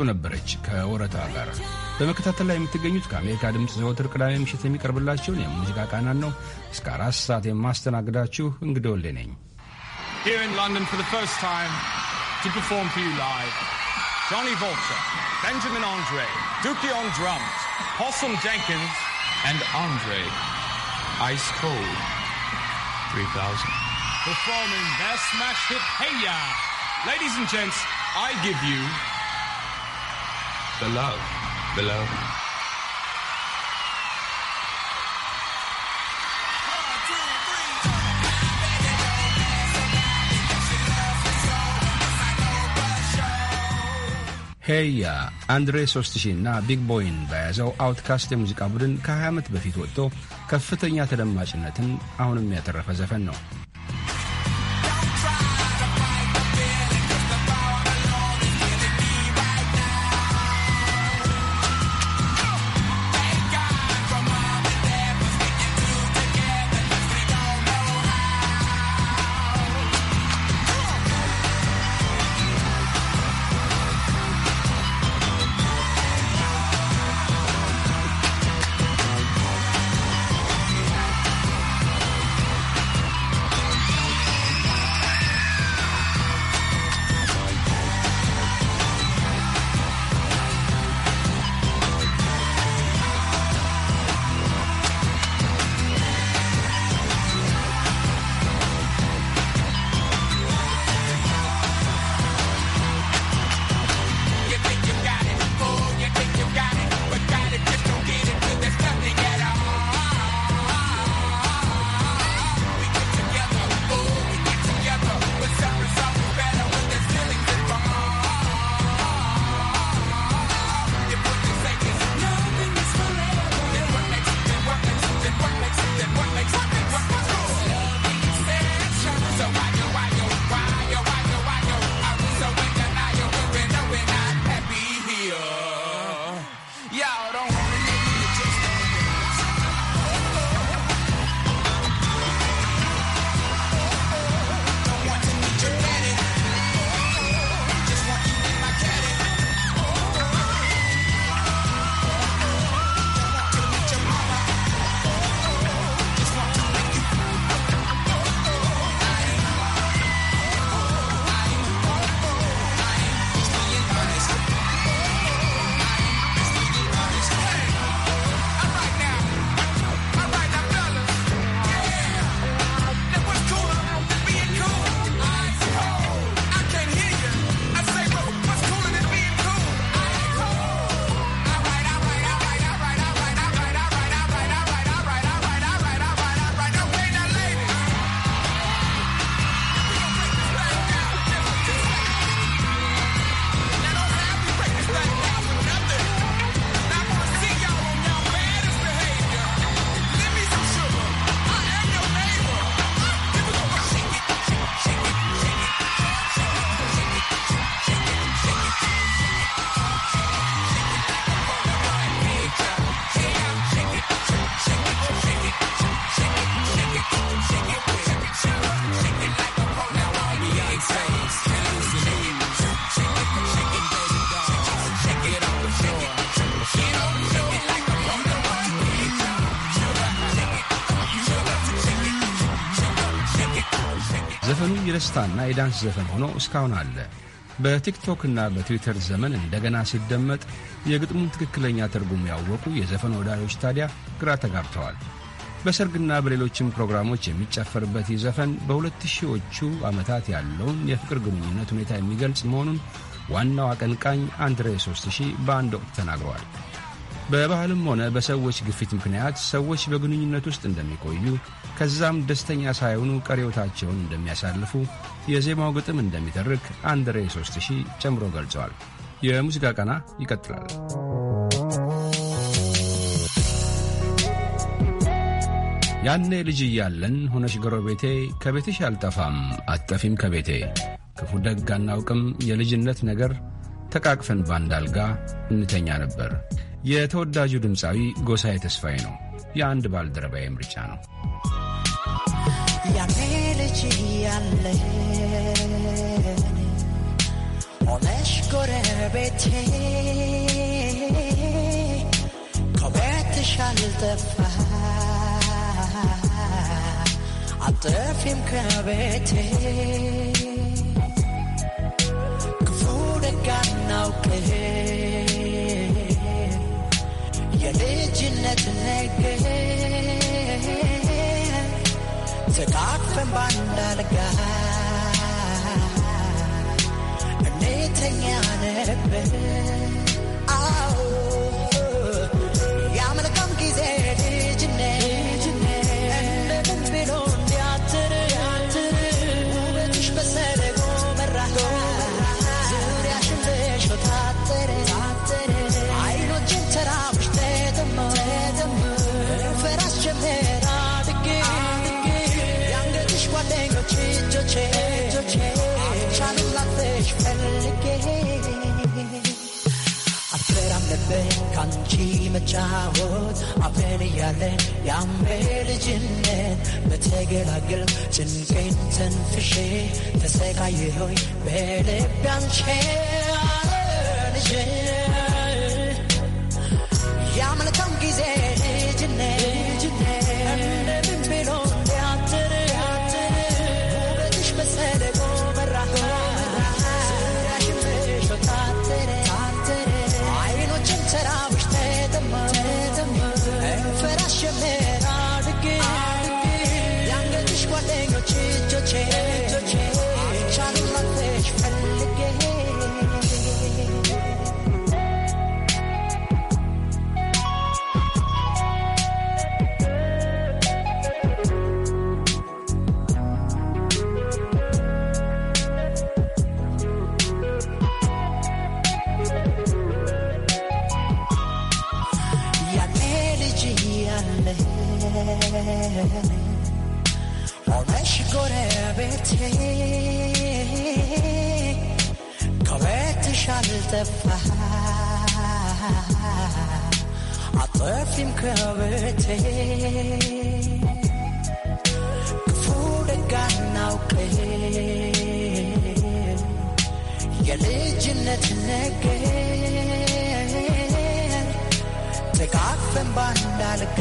ነበረች ከወረታ ጋር። በመከታተል ላይ የምትገኙት ከአሜሪካ ድምፅ ዘወትር ቅዳሜ ምሽት የሚቀርብላችሁን የሙዚቃ ነው። እስከ አራት ሰዓት የማስተናግዳችሁ ወሌ ነኝ። Johnny Vulture, Benjamin Andre, Dookie on drums, Possum Jenkins, and Andre Ice Cold 3000. Performing their smash hit, Hey Ya! Ladies and gents, I give you the love, beloved. ሄያ አንድሬ 3000 እና ቢግ ቦይን በያዘው አውትካስት የሙዚቃ ቡድን ከ20 ዓመት በፊት ወጥቶ ከፍተኛ ተደማጭነትን አሁንም ያተረፈ ዘፈን ነው። ዘፈኑ የደስታና የዳንስ ዘፈን ሆኖ እስካሁን አለ። በቲክቶክና በትዊተር ዘመን እንደገና ሲደመጥ የግጥሙን ትክክለኛ ትርጉም ያወቁ የዘፈን ወዳሪዎች ታዲያ ግራ ተጋብተዋል። በሰርግና በሌሎችም ፕሮግራሞች የሚጨፈርበት ይህ ዘፈን በሁለት ሺዎቹ ዓመታት ያለውን የፍቅር ግንኙነት ሁኔታ የሚገልጽ መሆኑን ዋናው አቀንቃኝ አንድሬ 3000 በአንድ ወቅት ተናግረዋል። በባህልም ሆነ በሰዎች ግፊት ምክንያት ሰዎች በግንኙነት ውስጥ እንደሚቆዩ ከዛም ደስተኛ ሳይሆኑ ቀሪ እንደሚያሳልፉ የዜማው ግጥም እንደሚተርክ አንድሬ 3000 ጨምሮ ገልጸዋል። የሙዚቃ ቀና ይቀጥላል። ያኔ ልጅ እያለን ሆነሽ ጎረቤቴ፣ ከቤትሽ አልጠፋም አትጠፊም ከቤቴ፣ ክፉ ደግ አናውቅም የልጅነት ነገር፣ ተቃቅፈን ባንድ አልጋ እንተኛ ነበር የተወዳጁ ድምፃዊ ጎሳዬ ተስፋዬ ነው። የአንድ ባልደረባዬ ምርጫ ነው። ያኔ ልጅ ሆነሽ ጎረቤቴ ከቤትሽ አልጠፋ ከቤቴ ክፉ ደጋናውቅሄ የልጅነት ነገር ተቃቅፈን ባንድ እኔተኛ ነበር። አዎ ያመልካም ጊዜ መጫወት አብረን እያለን ያምሬ ልጅነት በተገላገል ጭንቄን ተንፍሼ ተሰቃየሆይ በልብ አንቼ ከቤትሽ አልጠፋህ አጠፊም ከቤቴ ክፉ ደግ የልጅነት ነገር ተቃፈን ባንድ አልጋ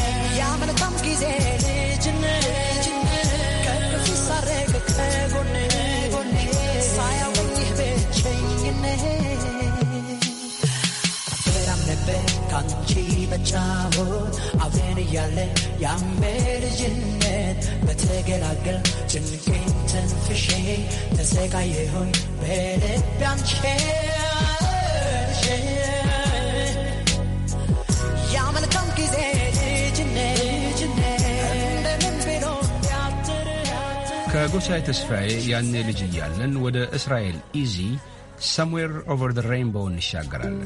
አጥቼ መጫወት አብረን እያለን ያሜ ልጅነት በተገላገል ጭንቄን ተንፍሼ ተሰቃየሁኝ በልቤ አንቺን ያ ከጎሳዬ ተስፋዬ ያኔ ልጅ እያለን ወደ እስራኤል ኢዚ ሰምዌር ኦቨር ደ ሬይንቦው እንሻገራለን።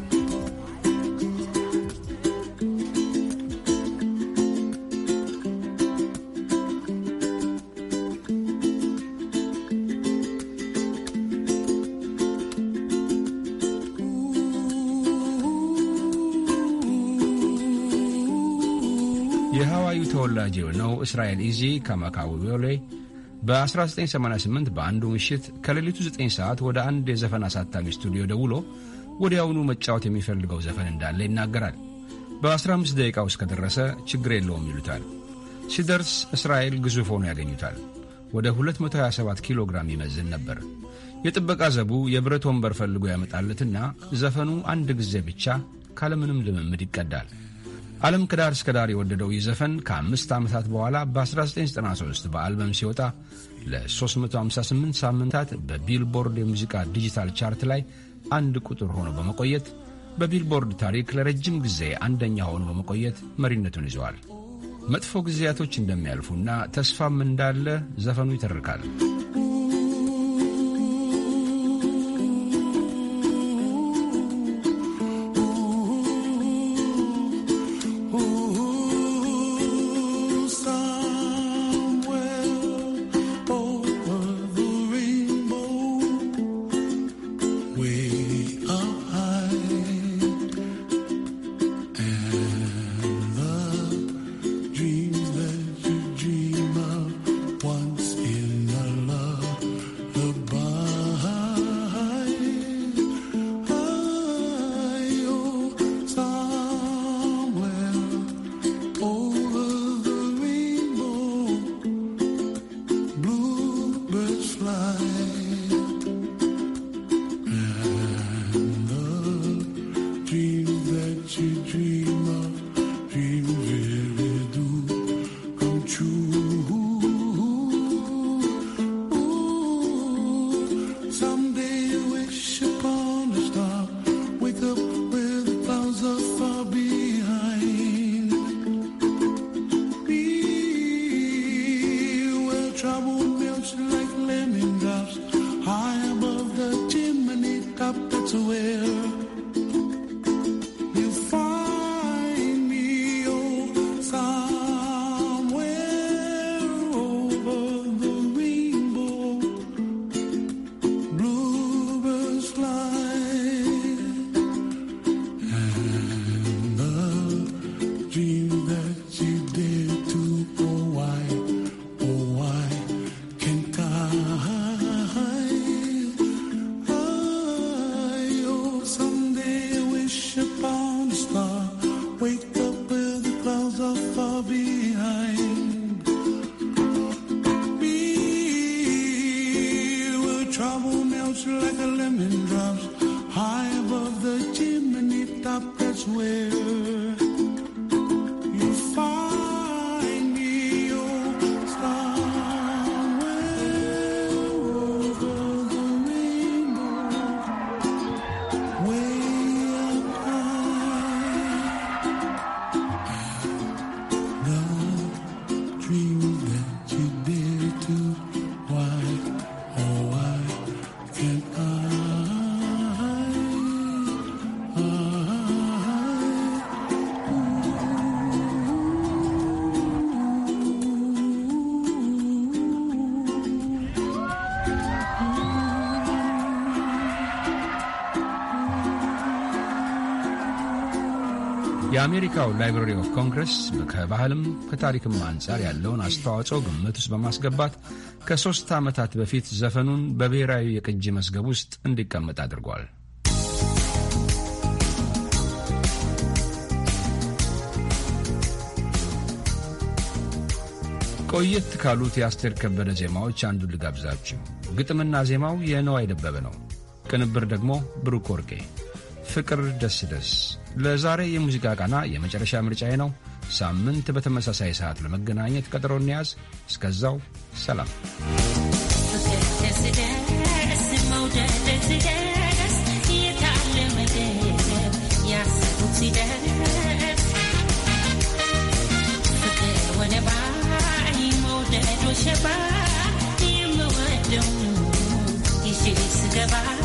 እስራኤል ኢዚ ካማካዊዮሌ በ1988 በአንዱ ምሽት ከሌሊቱ 9 ሰዓት ወደ አንድ የዘፈን አሳታሚ ስቱዲዮ ደውሎ ወዲያውኑ መጫወት የሚፈልገው ዘፈን እንዳለ ይናገራል። በ15 ደቂቃ ውስጥ ከደረሰ ችግር የለውም ይሉታል። ሲደርስ እስራኤል ግዙፍ ሆኖ ያገኙታል። ወደ 227 ኪሎ ግራም ይመዝን ነበር። የጥበቃ ዘቡ የብረት ወንበር ፈልጎ ያመጣለትና ዘፈኑ አንድ ጊዜ ብቻ ካለምንም ልምምድ ይቀዳል። ዓለም ከዳር እስከ ዳር የወደደው ይህ ዘፈን ከአምስት ዓመታት በኋላ በ1993 በአልበም ሲወጣ ለ358 ሳምንታት በቢልቦርድ የሙዚቃ ዲጂታል ቻርት ላይ አንድ ቁጥር ሆኖ በመቆየት በቢልቦርድ ታሪክ ለረጅም ጊዜ አንደኛ ሆኖ በመቆየት መሪነቱን ይዘዋል። መጥፎ ጊዜያቶች እንደሚያልፉና ተስፋም እንዳለ ዘፈኑ ይተርካል። የአሜሪካው ላይብራሪ ኦፍ ኮንግረስ ከባህልም ከታሪክም አንጻር ያለውን አስተዋጽኦ ግምት ውስጥ በማስገባት ከሦስት ዓመታት በፊት ዘፈኑን በብሔራዊ የቅጂ መዝገብ ውስጥ እንዲቀመጥ አድርጓል። ቆየት ካሉት የአስቴር ከበደ ዜማዎች አንዱን ልጋብዛችሁ። ግጥምና ዜማው የነዋይ ደበበ ነው። ቅንብር ደግሞ ብሩክ ወርቄ ፍቅር ደስ ደስ ለዛሬ የሙዚቃ ቃና የመጨረሻ ምርጫዬ ነው። ሳምንት በተመሳሳይ ሰዓት ለመገናኘት ቀጠሮ እንያዝ። እስከዛው ሰላም። Goodbye.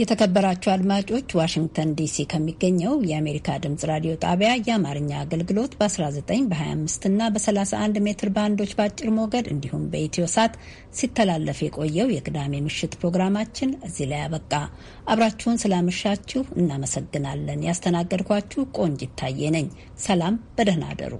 የተከበራችሁ አድማጮች ዋሽንግተን ዲሲ ከሚገኘው የአሜሪካ ድምጽ ራዲዮ ጣቢያ የአማርኛ አገልግሎት በ19 በ25 እና በ31 ሜትር ባንዶች በአጭር ሞገድ እንዲሁም በኢትዮ ሳት ሲተላለፍ የቆየው የቅዳሜ ምሽት ፕሮግራማችን እዚህ ላይ አበቃ። አብራችሁን ስላመሻችሁ እናመሰግናለን። ያስተናገድኳችሁ ቆንጅ ይታየ ነኝ። ሰላም፣ በደህና አደሩ።